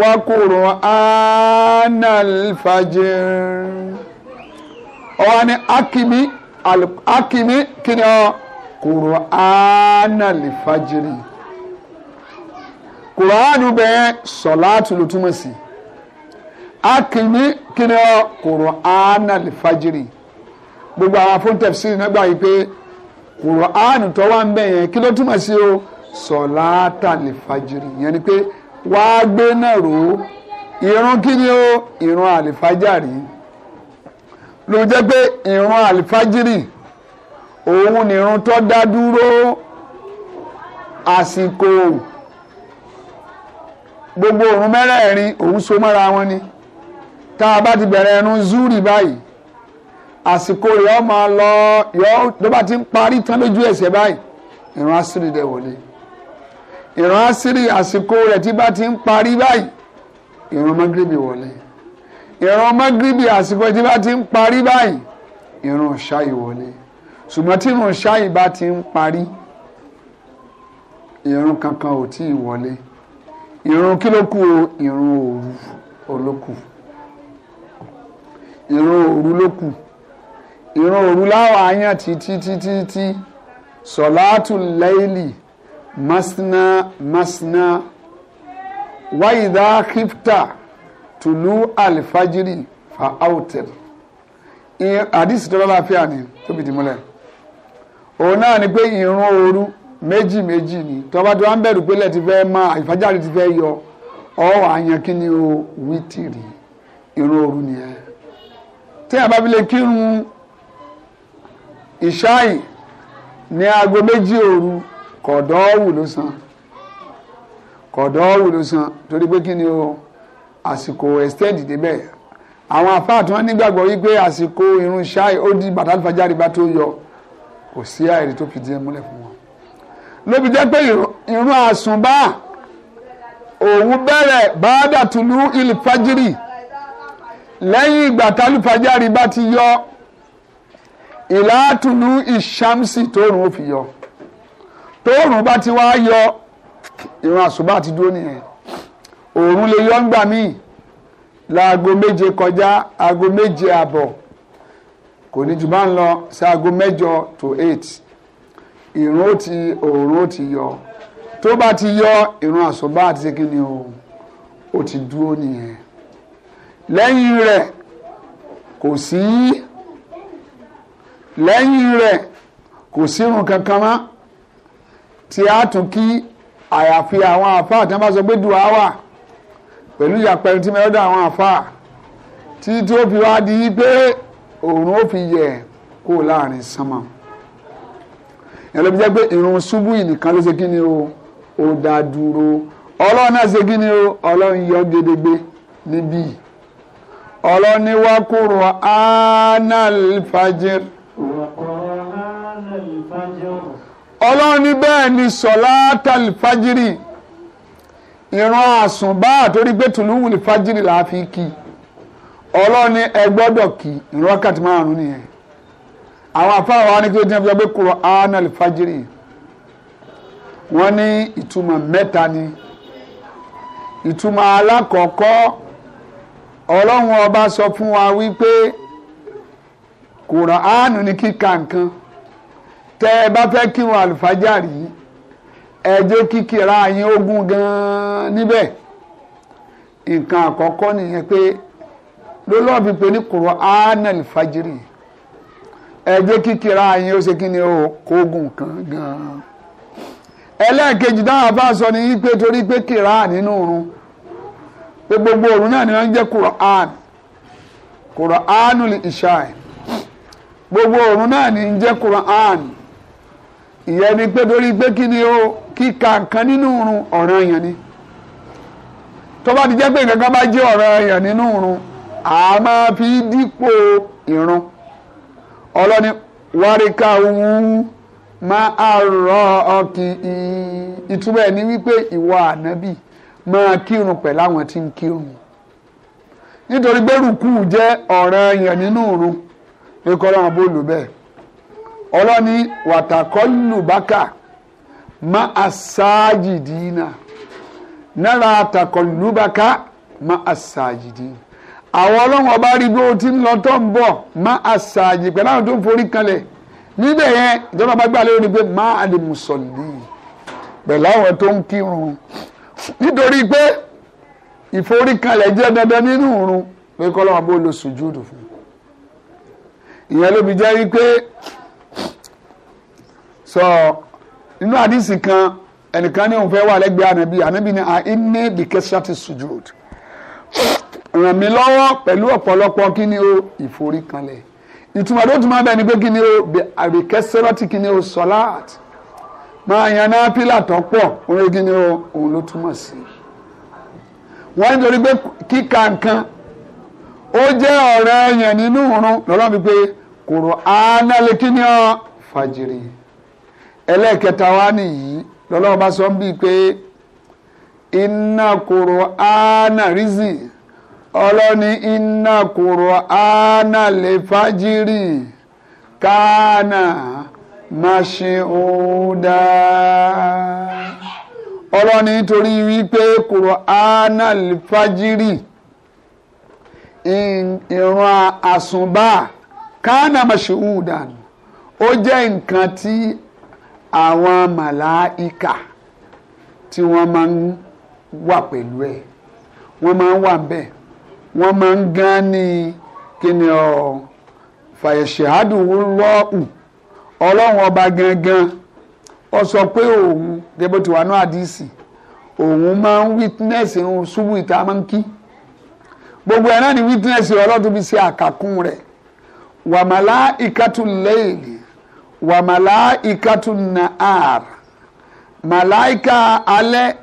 wọ́n kúrò ánàlfàjẹ́ ọwọ́ ni akimi akimi kìnìún kúrò ánàlfàjẹ́rì kùránù bẹ́ẹ̀ sọ̀láàtù ló túmọ̀ sí a kì ní kíni ọ kùránà lè fajiri gbogbo àwọn afúntẹ̀sí nígbà yìí pé kùránù tó wà ń bẹ̀ yẹn kí ló túmọ̀ sí o sọ̀láàtà lè fajiri yẹn ni pé wàá gbé náà rò ó ìrun o ìrun àlìfájàrí ló jẹ́ pé ìrun àlìfájìrì òun nìrun tó dá dúró àsìkò gbogbo òrùn mẹ́rẹ̀ẹ̀rin òun so mọ́ra wọn ni tá a bá ti bẹ̀rẹ̀ ẹnu zúrì báyìí àsìkò rẹ̀ ọ máa lọ yọ tó bá ti ń parí tán lójú ẹsẹ̀ báyìí ìran àṣírí dẹ̀ wọlé ìran àṣírí àsìkò rẹ̀ tí bá ti ń parí báyìí ìran mọ́gírìbì wọlé ìran mọ́gírìbì àsìkò tí bá ti ń parí báyìí ìran ṣáì wọlé ṣùgbọ́n tí ìran ṣáì bá ti ń parí ìran kankan ò tí ì wọlé ìrun kí ló kù o ìrun òru olókù ìrun òru ló kù ìrun òru láwọn àyàn títí títí tí sọ̀láàtù láìlì masna masna wáyìdá kíftà tùlú àlìfájírì fa áùtẹ̀r àdìsí tó lọ́la fíà ni tóbi dìmúlẹ̀ òun náà ni pé ìrun òru méjì méjì ni tọ́ba tí wọ́n ń bẹ̀rù pé lẹ́ẹ̀ ti fẹ́ máa àlùfájàre ti fẹ́ yọ ọ́ àyàn kí ni o wítìrì irun òru nìyẹn téèyàn bá fi lè kírun ìṣáì ní aago méjì òru kọ̀dọ́ọ̀wù ló san kọ̀dọ́ọ̀wù ló san torí pé kí ni o àsìkò extend débẹ̀ àwọn afáà tí wọ́n nígbàgbọ́ wípé àsìkò irun ṣáì ó di bàtà àlùfájàre bá tó yọ kò sí àìrí tó fìdí ẹ̀ múlẹ̀ fún lóbi jẹ́ pé ìrun àsùnbà òun bẹ̀rẹ̀ báádà tùlú ìlfàjírì lẹ́yìn ìgbà tálùfàjárì bá ti yọ ìlà tùlú ìṣàmsì tóòrùn ó fi yọ tóòrùn bá ti wá yọ ìrun àsùnbà ti dúró nìyẹn òòrùn lè yọ ńgbà míì láago méje kọjá aago méje àbọ̀ kò ní jù bá ń lọ sí aago mẹ́jọ to eight ìrun ó ti òòrùn ó ti yọ tó bá ti yọ ìrun àsùbá àti ṣe kí ni o ó ti dúró nìyẹn lẹ́yìn rẹ̀ kò sí lẹ́yìn rẹ̀ kò sírun kankan mọ́ tí a tún kí àyàfi àwọn àfáà tí wọ́n bá sọ pé dùn wà pẹ̀lú ìyàpẹ̀lú tí mẹ́rọ́dà àwọn àfáà tí ó fi wá di pé òòrùn ó fi yẹ̀ kó láàrin sánmọ́ ìyẹn ló fi jẹ́ pé irun ṣubú nìkan ló ṣe kí ni o ó dá dúró ọlọ́run náà ṣe kí ni o ọlọ́run yọ gedegbe níbí ọlọ́run ní wá kúrò ánàlfàjẹr ọlọ́run ní bẹ́ẹ̀ ni sọ̀lá tàlfàjìrì ìran àsùnbá àtórí pé tùlùwùlì fàjìrì làá fi kí ọlọ́run ní ẹ gbọ́dọ̀ kí ìran wákàtí márùn nìyẹn àwọn afáwọn wa ní kí ló dín ẹgbẹ́ Qur'an al-fajiri wọ́n ní ìtumọ̀ mẹ́ta ni ìtumọ̀ alákọ̀ọ́kọ́ ọlọ́run ọba sọ fún wa wípé Qur'an ní kíka nǹkan tẹ́ ẹ bá fẹ́ kírun àlùfájàrí ẹ jẹ́ kíkìrá yín ogún gan-an níbẹ̀ nǹkan àkọ́kọ́ nìyẹn pé lọ́lọ́ọ̀bí pé ní Qur'an al-fajiri. ẹ jẹ́ kíkìrá yín ó ṣe kí ni ó kan gan-an ẹlẹ́ẹ̀kejì táwọn sọ ni ipe torí pé kìrá nínú òrun pé gbogbo òrun náà ni wọ́n ń jẹ́ Qur'an Qur'anul gbogbo òrun náà ni ń jẹ́ Qur'an ìyẹn ni pé torí pé kí ni ó kíka nǹkan nínú òrun ọ̀ràn ni tó bá ti jẹ́ pé nǹkan bá fi dípò ìrun. ọlọ́ni wáríkà òun máa rọ ọkụ ìtumọ̀ ẹni wípé ìwọ ànábì máa kírun pẹ̀lú àwọn tí ń kírun nítorí pé rùkú jẹ́ ọ̀ranyàn nínú ìrun ikọ̀ ọlọ́run bó bẹ́ẹ̀ ọlọ́ni wàtàkọ́ ma a náírà àwọn ọlọ́run ọba rí bí ó ti ń lọ tó ń bọ̀ má a ṣààyè pẹ̀lú àwọn tó ń forí kanlẹ̀ níbẹ̀ yẹn ìjọba bá gbà lórí pé má a lè mùsọ̀lì pẹ̀lú àwọn tó ń kírun nítorí pé ìforíkanlẹ̀ jẹ́ dandan nínú ìrun pé kọ́lọ́wọ́n bó lo sùjúdù fún ìyẹn ló fi jẹ́ wípé sọ inú àdìsí kan ẹnìkan ní òun fẹ́ wà lẹ́gbẹ̀ẹ́ ànábì ànábì ní àìní bìkẹ́sà ti sùjúdù ràn mí lọ́wọ́ pẹ̀lú ọ̀pọ̀lọpọ̀ kí ni o ìforíkanlẹ̀ ìtumọ̀ tó tún máa bẹ̀ ni pé kí ni o àbíkẹ́sẹ́rọ́tì kí ni o sọ́láàtì máa yan náà pílà tó pọ̀ orí kí ni o òun ló túmọ̀ sí wọ́n nítorí pé kíka nǹkan ó jẹ́ ọ̀rẹ́ ẹ̀yàn nínú òrun lọ́lọ́mi pé kòrò ánálẹ̀ kí ni ọ ẹlẹ́ẹ̀kẹta wá nìyí lọ́lọ́ọ̀bá sọ ń bíi pé iná kòrò ánà rízì ọlọ́ni iná kùrọ̀ áánà lè fájírì káánà máṣíúdá ọlọ́ni torí wípé kùrọ̀ áánà lè fájírì ìran àsùnbà káánà máṣíúdá ó jẹ́ nǹkan tí àwọn màláìkà tí wọ́n máa ń wà pẹ̀lú ẹ̀ wọ́n máa ń wà bẹ́ẹ̀ wọ́n máa ń gán ní kíni ọ fàyẹ̀ṣẹ̀hádù lọ́ọ̀hù ọlọ́run ọba gangan ó sọ pé òun débòtìwánú àdìsí òun máa ń wítínẹ́sì ń ṣubú ìta máa ń kí gbogbo ẹ̀ náà ni wítínẹ́sì ọlọ́dún fi ṣe àkàkùn rẹ̀ wàmàlá ìkàtù lẹ́yìn wàmàlá ìkàtù nàár màláìka alẹ́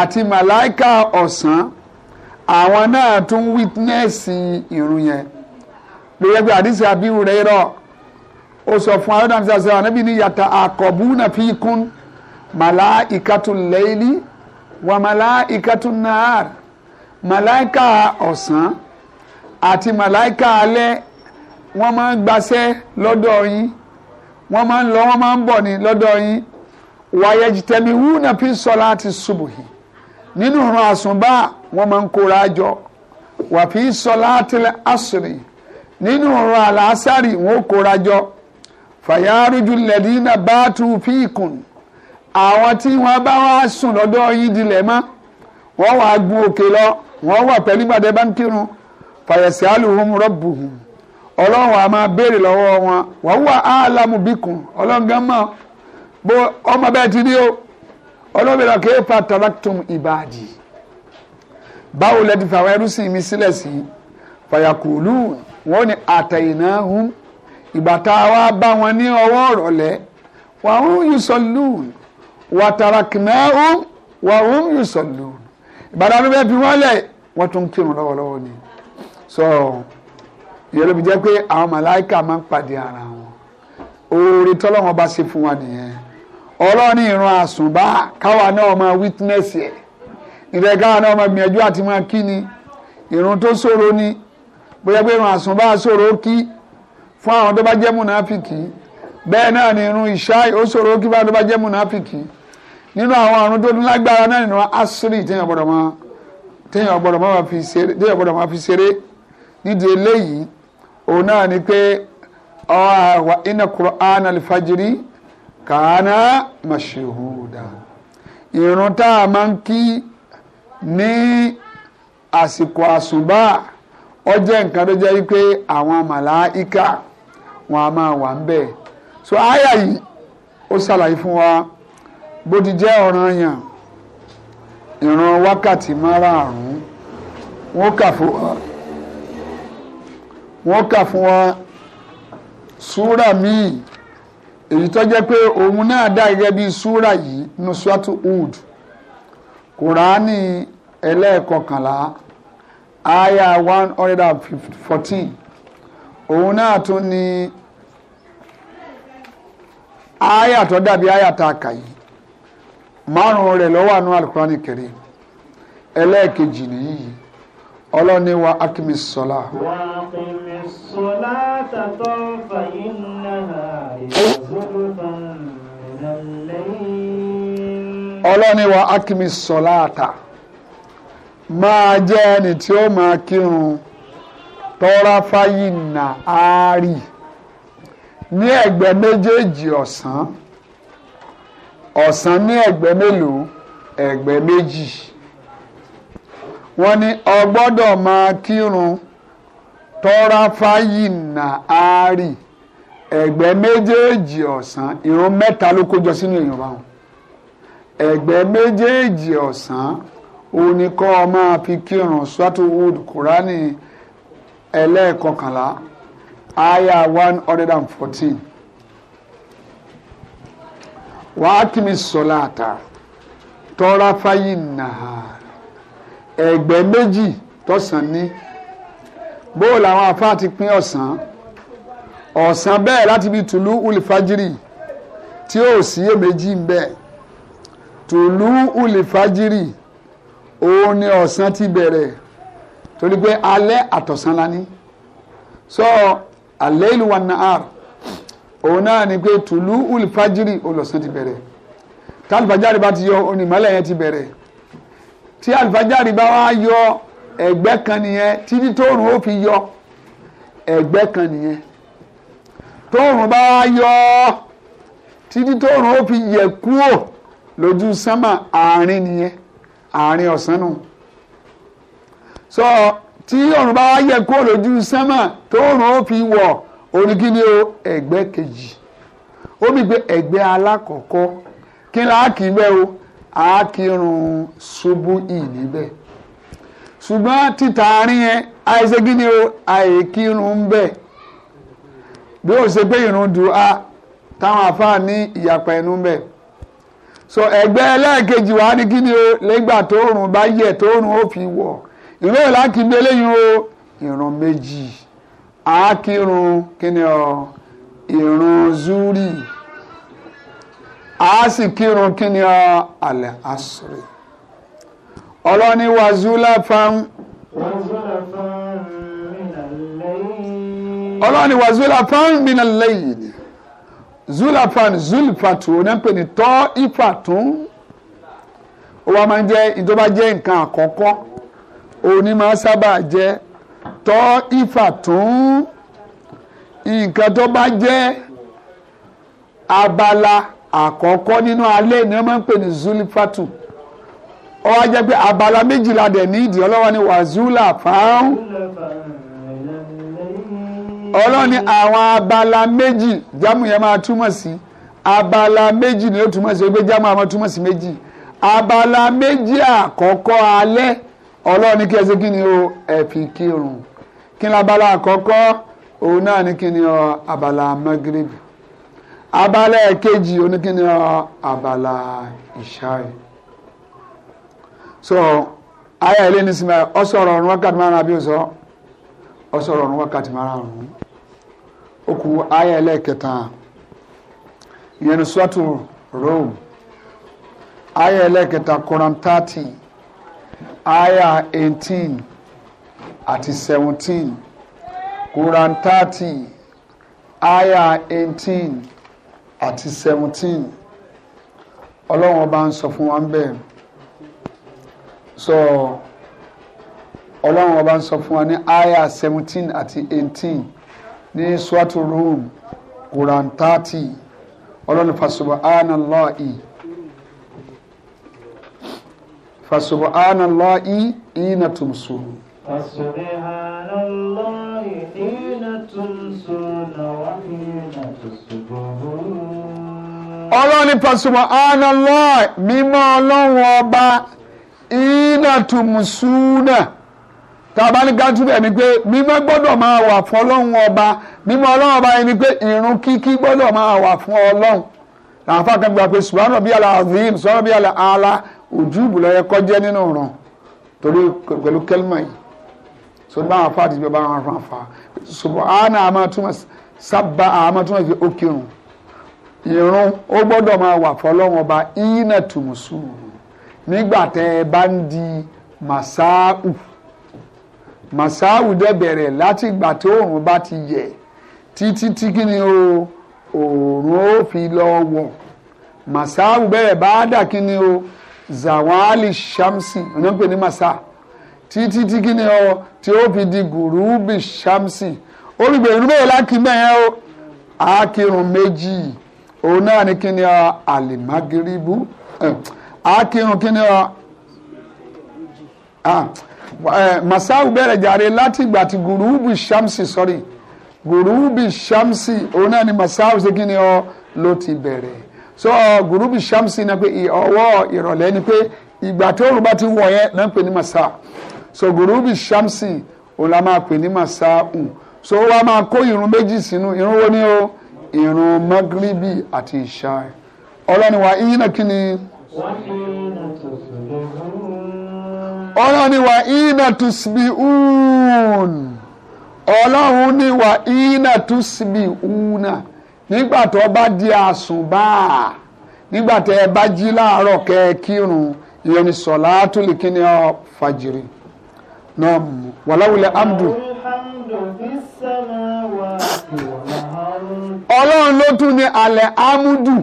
àti màláìka ọ̀sán. àwọn náà tún wítínẹ́ẹ̀sì ìrun yẹn lórí ẹgbẹ́ àdìsí abiru rẹ̀ rọ̀ ó sọ fún ayọ́dàmí sàṣẹ ànábì ní yàtà àkọ́bù náà fi kún màlá ìkàtún lẹ́yìnì wà màlá ìkàtún náà màláìka ọ̀sán àti màláìka alẹ́ wọ́n máa ń gbaṣẹ́ lọ́dọ̀ yín wọ́n máa ń lọ wọ́n máa ń bọ̀ fi sọ láti nínú wọ́n máa ń kóra jọ wàfi sọláàtìlẹ̀ asìrì nínú ọ̀rọ̀ àlàásàrì wọ́n kóra jọ fàyàrújú lẹ́dínà bá tu fíìkùn àwọn tí wọ́n bá wá sùn lọ́dọ̀ yín dilẹ̀ mọ́ wọ́n wàá gun òkè lọ wọ́n wà pẹ̀lú ìbàdàn bá ń kírun fàyẹ̀sì àlùhùn rọ́bùhùn ọlọ́run a máa béèrè lọ́wọ́ wọn wọ́n wà á lámùbíkùn ọlọ́run gan mọ̀ bó ọmọ bẹ́ẹ̀ ti rí o ọlọ́run bẹ̀rẹ̀ kéé fa taraktum ìbàdí báwo lẹ́ẹ̀dì fún àwọn ẹrúsìn mi sílẹ̀ sí fàyàkùlù wọn ni àtẹ̀yìnà hùn ìgbà tá a wá bá wọn ní ọwọ́ ìrọ̀lẹ́ wà hùn yùsọ̀lù wà tàràkìnà hùn wà hùn yùsọ̀lù ìbàdàn ló bẹ́ẹ̀ fi wọ́n lẹ̀ wọ́n tún kírun ni so ìyẹn ló fi jẹ́ pé àwọn pàdé ara wọn oore tọ́lọ́wọ́n bá ṣe fún wa nìyẹn ọlọ́ọ̀ni ìran àsùnbá káwa náà máa ìrẹ́ káwọn náà máa gbìyànjú àti máa kí ni ìrun tó ṣòro ni bóyá pé ìrun àsùn bá ṣòro kí fún àwọn tó bá jẹ́ mùnáfìkì bẹ́ẹ̀ náà ni ìrun ìṣá ó ṣòro kí fún àwọn tó bá jẹ́ mùnáfìkì nínú àwọn àrùn tó dún lágbára náà nínú asiri téèyàn gbọ́dọ̀ máa téèyàn gbọ́dọ̀ máa fi ṣeré téèyàn gbọ́dọ̀ máa fi ṣeré nídìí eléyìí òun náà ni pé ọ̀hún iná Qur'an al-fajiri kàánà mashuhuda ìrun tá máa ń kí ní àsìkò àsùbá ó jẹ́ nǹkan tó jẹ́ wípé àwọn màláíkà wọn a máa wà ń bẹ̀ so àyà yìí ó ṣàlàyé fún wa bó ti jẹ́ ọ̀ranyàn ìran wákàtí márààrún wọ́n kà fún wa wọ́n kà fún wa súrà míì èyí tó jẹ́ pé òun náà dá gẹ́gẹ́ bí súrà yìí nusratu ud. No kùránì ẹlẹ́ẹ̀kọkànlá aya one hundred and fourteen òun náà tún ní aya tó dàbí aya tá a kà yìí márùn-ún rẹ̀ lọ́wọ́ wà alukurani kiri ẹlẹ́ẹ̀kejì nìyí ọlọ́ni akimi sọlá. wa sọlá ọlọ́ni wa akimi sọ̀láàtà máa jẹ́ ẹni tí ó máa kírun tọ́ra fáyínà áárì ní ẹ̀gbẹ́ méjèèjì ọ̀sán ọ̀sán ní ẹ̀gbẹ́ mélòó ẹ̀gbẹ́ méjì wọ́n ní ó gbọ́dọ̀ máa kírun tọ́ra fáyínà áárì ẹ̀gbẹ́ méjèèjì ọ̀sán ìrun mẹ́ta ló kójọ sínú èèyàn báwọn ẹ̀gbẹ́ méjèèjì ọ̀sán òun ni kọ́ ọ máa fi kírun sọ́tò kúránì ẹlẹ́ẹ̀kọkànlá aya one hundred and fourteen wàá kí mi sọ̀lá àtà tọ́ra fáyì nàá ẹ̀gbẹ́ méjì tọ̀sán ní bóò làwọn afáà ti pín ọ̀sán ọ̀sán bẹ́ẹ̀ láti bí tùlú ulfajiri tí ó sì yé méjì ń bẹ́ẹ̀ tùlú ulifajiri òun ni ọ̀sán ti bẹ̀rẹ̀ torí pé alẹ́ àtọ̀sán la so alẹ́ ìlú wa nàár òun náà ni pé tùlú ulifajiri olùsán ti bẹ̀rẹ̀ tí alifajari bá ti yọ onímọ̀lẹ̀ yẹn ti bẹ̀rẹ̀ tí alifajari bá wá yọ ẹ̀gbẹ́ kan nìyẹn títí tóòrùn ó fi yọ ẹ̀gbẹ́ kan nìyẹn tóòrùn bá wá yọ títí tóòrùn ó fi yẹ kúrò lójú sánmà àárín nìyẹn àárín ọ̀sán nù sọ tí ọ̀run bá wá yẹ kó lójú sánmà tó rùn ó fi wọ̀ oníkí ni o ẹ̀gbẹ́ kejì ó bí gbé ẹ̀gbẹ́ alákọ̀ọ́kọ́ kí ni a kì í bẹ́ o a kì í run ṣubú yìí níbẹ̀ ṣùgbọ́n títa àárín yẹn àìṣe kí ni o àìkírun ń bẹ̀ bí ó ṣe pé ìrun dùn a táwọn àfáà ní ìyàpá ẹnu ń bẹ̀. so ẹgbẹ́ ẹlẹ́ẹ̀kejì ní kíni o lẹ́gbà tóòrùn bá yẹ tóòrùn ó fi wọ̀ lẹ́yìn o ìrun méjì àákírun kíni o ìrun zúrì àásìkírun kíni o àlẹ́ àsìrì ọlọ́ni wàzúlẹ̀ fáwọn. ọlọ́ni wàzúlẹ̀ fáwọn lẹ́yìn. zulafan zulfatu onípe ní tọ́ ifatun ó wá máa ń jẹ́ ìjọba jẹ́ nǹkan àkọ́kọ́ òní máa sábà jẹ́ tọ́ ifatun nǹkan tó bá jẹ́ abala àkọ́kọ́ nínú alẹ́ ni wọ́n máa ń pè ní zulfatu ó wá jẹ́ pé abala méjìlá dẹ̀ ní ìdí ọlọ́wọ́ ni wàzúlà fáwọn. ọlọ́run ni àwọn abala méjì jámù yẹn máa túmọ̀ sí abala méjì ni ó túmọ̀ sí gbé jámù àwọn túmọ̀ sí méjì abala méjì àkọ́kọ́ alẹ́ kí ẹ kí ni o ẹ kírun kí ni abala àkọ́kọ́ òun náà ní kí ni ọ abala magrib abala ẹ̀kejì òun kí ni ọ abala ìṣáì so ọ sọ̀rọ̀ ọ̀run wákàtí okù ayé ẹlẹ́ẹ̀kẹta ìyẹn ní sọ́tù Rome ayé ẹlẹ́ẹ̀kẹta Quran thirty ayé eighteen ati seventeen Quran thirty ayé eighteen ati seventeen ọlọ́run ọba ń sọ fún wa ń bẹ̀ sọ ọlọ́run ọba ń sọ fún wa ní ayé seventeen ati eighteen ní swatu rum quran thirty ọlọ́run fasubhanallahi fasubhanallahi ina tumsun. fasubhanallahi ina tumsun wa ina tusbihun ọlọ́ni pàṣùmọ̀ ànàlọ́ mímọ́ ọlọ́run ọba ìnàtùmùsùnà tá a ní kájú ni pé mímọ́ gbọ́dọ̀ máa wà fún ọlọ́run ọba mímọ́ ọlọ́run ọba yẹn ni pé ìrun kíkí gbọ́dọ̀ máa wà fún ọlọ́run àáfàá kan gbà pé subhana bíi ala azim subhana bíi ala ala ojúbù lọ yẹ kọjẹ nínú ọ̀ràn torí pẹ̀lú kẹlmà yìí so ní báwọn afáà ti gbé báwọn afáà fa subhana a máa túmọ̀ sábà a máa túmọ̀ sí òkèrùn ìrun ó gbọ́dọ̀ máa wà fún ọlọ́run ọba ìyínà tùmùsùn nígbà tẹ́ ẹ bá ń di màsáù màsáwù dẹ̀ bẹ̀rẹ̀ láti ìgbà tí oòrùn bá ti yẹ̀ títí tí kí ni o oòrùn ó fi lọ wọ̀ màsáwù bẹ̀rẹ̀ bá dà kí ni o zawali shamsi onípe ní màsá títí tí kí ni o tí ó fi di gurubi shamsi olùgbèrú bẹ́ẹ̀ láti mẹ́yẹn o akírun méjì òun náà ni kí ni o alimagiribu eh, akírun kí ni o. Ah, Eh, masáwù bẹ̀rẹ̀ jàre láti ìgbà tí gurubu shamsi sọ́rí gurubi shamsi òun náà ni masáwù ṣe kí ni ọ ló ti bẹ̀rẹ̀ so gurubi shamsi náà pé ọwọ́ ìrọ̀lẹ́ ni pé ìgbà tó òrùn bá ti wọ̀ yẹn náà pè ní masa so gurubi shamsi òun la máa pè ní masáwù so ó wá máa kó irun méjì sínú irun wo ni o irun magribi àti ìṣá ọlọ́ni wa iyín náà kí ni. wọ́n ní ìrìnàjò ìgbà wọn ọlọ́run ní wà ína tùsùbí ùn ọlọ́run ní wà ína tùsùbí ùnà nígbà tó bá di àsùnbà nígbà tẹ ẹ bá jí láàárọ̀ kẹ ẹ kírun ìyẹn ni sọ̀lá tó lè kí ni ọ fàjìrì náà wàláwùlẹ̀ amdu. ọlọ́run ló tún ní alẹ́ amúdù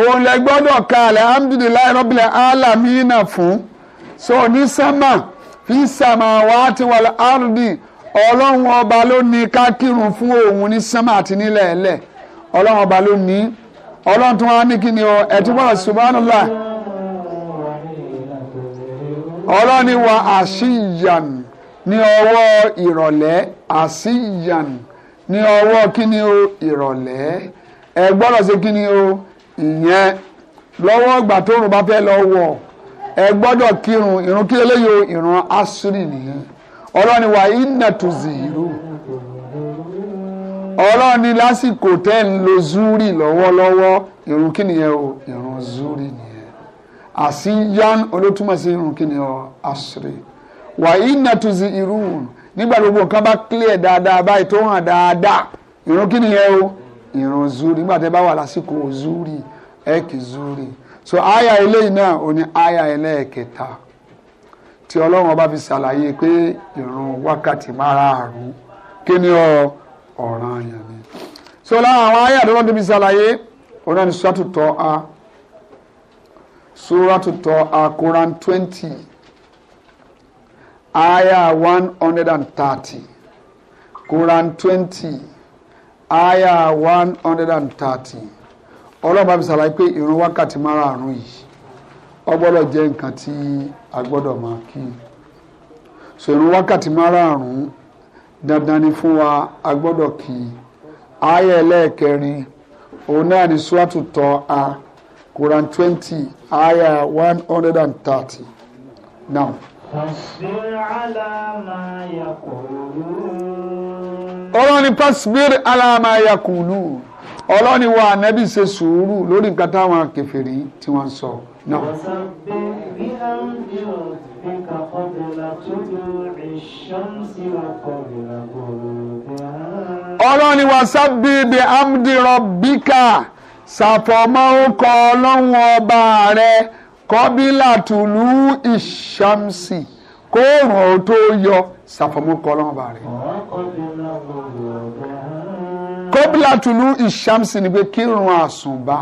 òun lẹ gbọ́dọ̀ ka alẹ́ amúdù láì rọ́bìlẹ̀ alámínà fún so ní sánmà fi sàmà wá ti wà lárúdì ọlọ́run ọba ló ní ká kírun fún òun ní sánmà àti nílẹ̀ ẹ̀lẹ̀ ọlọ́run ọba ló ní ọlọ́run tí wọ́n á ní kí ni ọ ẹ̀tí wọ́n subhanallah ọlọ́run ni wà àṣìyàn ní ọwọ́ ìrọ̀lẹ́ àṣìyàn ní ọwọ́ kí ni o ìrọ̀lẹ́ ẹ gbọ́dọ̀ ṣe kí ni o ìyẹn lọ́wọ́ ìgbà tóòrùn bá fẹ́ lọ ẹ gbọ́dọ̀ kírun ìrun kí eléyìí ìrun asúrì nìyẹn ọlọ́ni wà iná tó zì irú ọlọ́ni lásìkò tẹ́ ń lo zúrì lọ́wọ́lọ́wọ́ ìrun kí nìyẹn o ìrun zúrì nìyẹn àṣìyàn olótúmọ̀ sí ìrun kí nìyẹn o asúrì wà iná tó zì irú nígbà gbogbo nǹkan bá clear dáadáa báyìí tó hàn dáadáa ìrun kí nìyẹn o ìrun zúrì nígbà tẹ́ bá wà lásìkò zúrì ẹ kì zúrì so aya eléyìí náà ò ní aya ẹlẹ́ẹ̀kẹta tí ọlọ́run ọba fi ṣàlàyé pé ìrun wákàtí márààrún kí ni ọ̀ràn àyàn ni so lára àwọn aya tó wọ́n ti fi ṣàlàyé òun náà ni suratu Taha suratu Taha Quran twenty aya one hundred and thirty Quran twenty aya one hundred and thirty ọlọ́run bá fi ṣàlàyé pé ìrun wákàtí márààrún yìí ó gbọ́dọ̀ jẹ́ nǹkan tí a gbọ́dọ̀ máa kí so ìrun wákàtí márààrún dandan ni fún wa a gbọ́dọ̀ kí ayé ẹlẹ́ẹ̀kẹrin òun náà ni suwátù tọ́ a Quran twenty ayah one hundred and thirty now. ọlọ́run ni pàṣípẹ́rẹ́ alámà yakùnú ọlọ́ni wa ànábì ṣe sùúrù lórí nǹkan táwọn kèfèrí tí wọ́n ń sọ náà. ọlọ́ni wa sábì bí amdi rọ̀bíkà ṣàfọ̀mọ́ orúkọ ọlọ́run ọba rẹ kọ́bílà tùlú ìṣàmsì kóòrùn ó tó yọ ṣàfọ̀mọ́ orúkọ ọlọ́run ọba rẹ. ọ̀rọ̀ kan bí wọ́n lọ́wọ́ kọ́bílà tùlú ìṣàmsì ni pé kírun àsùnbà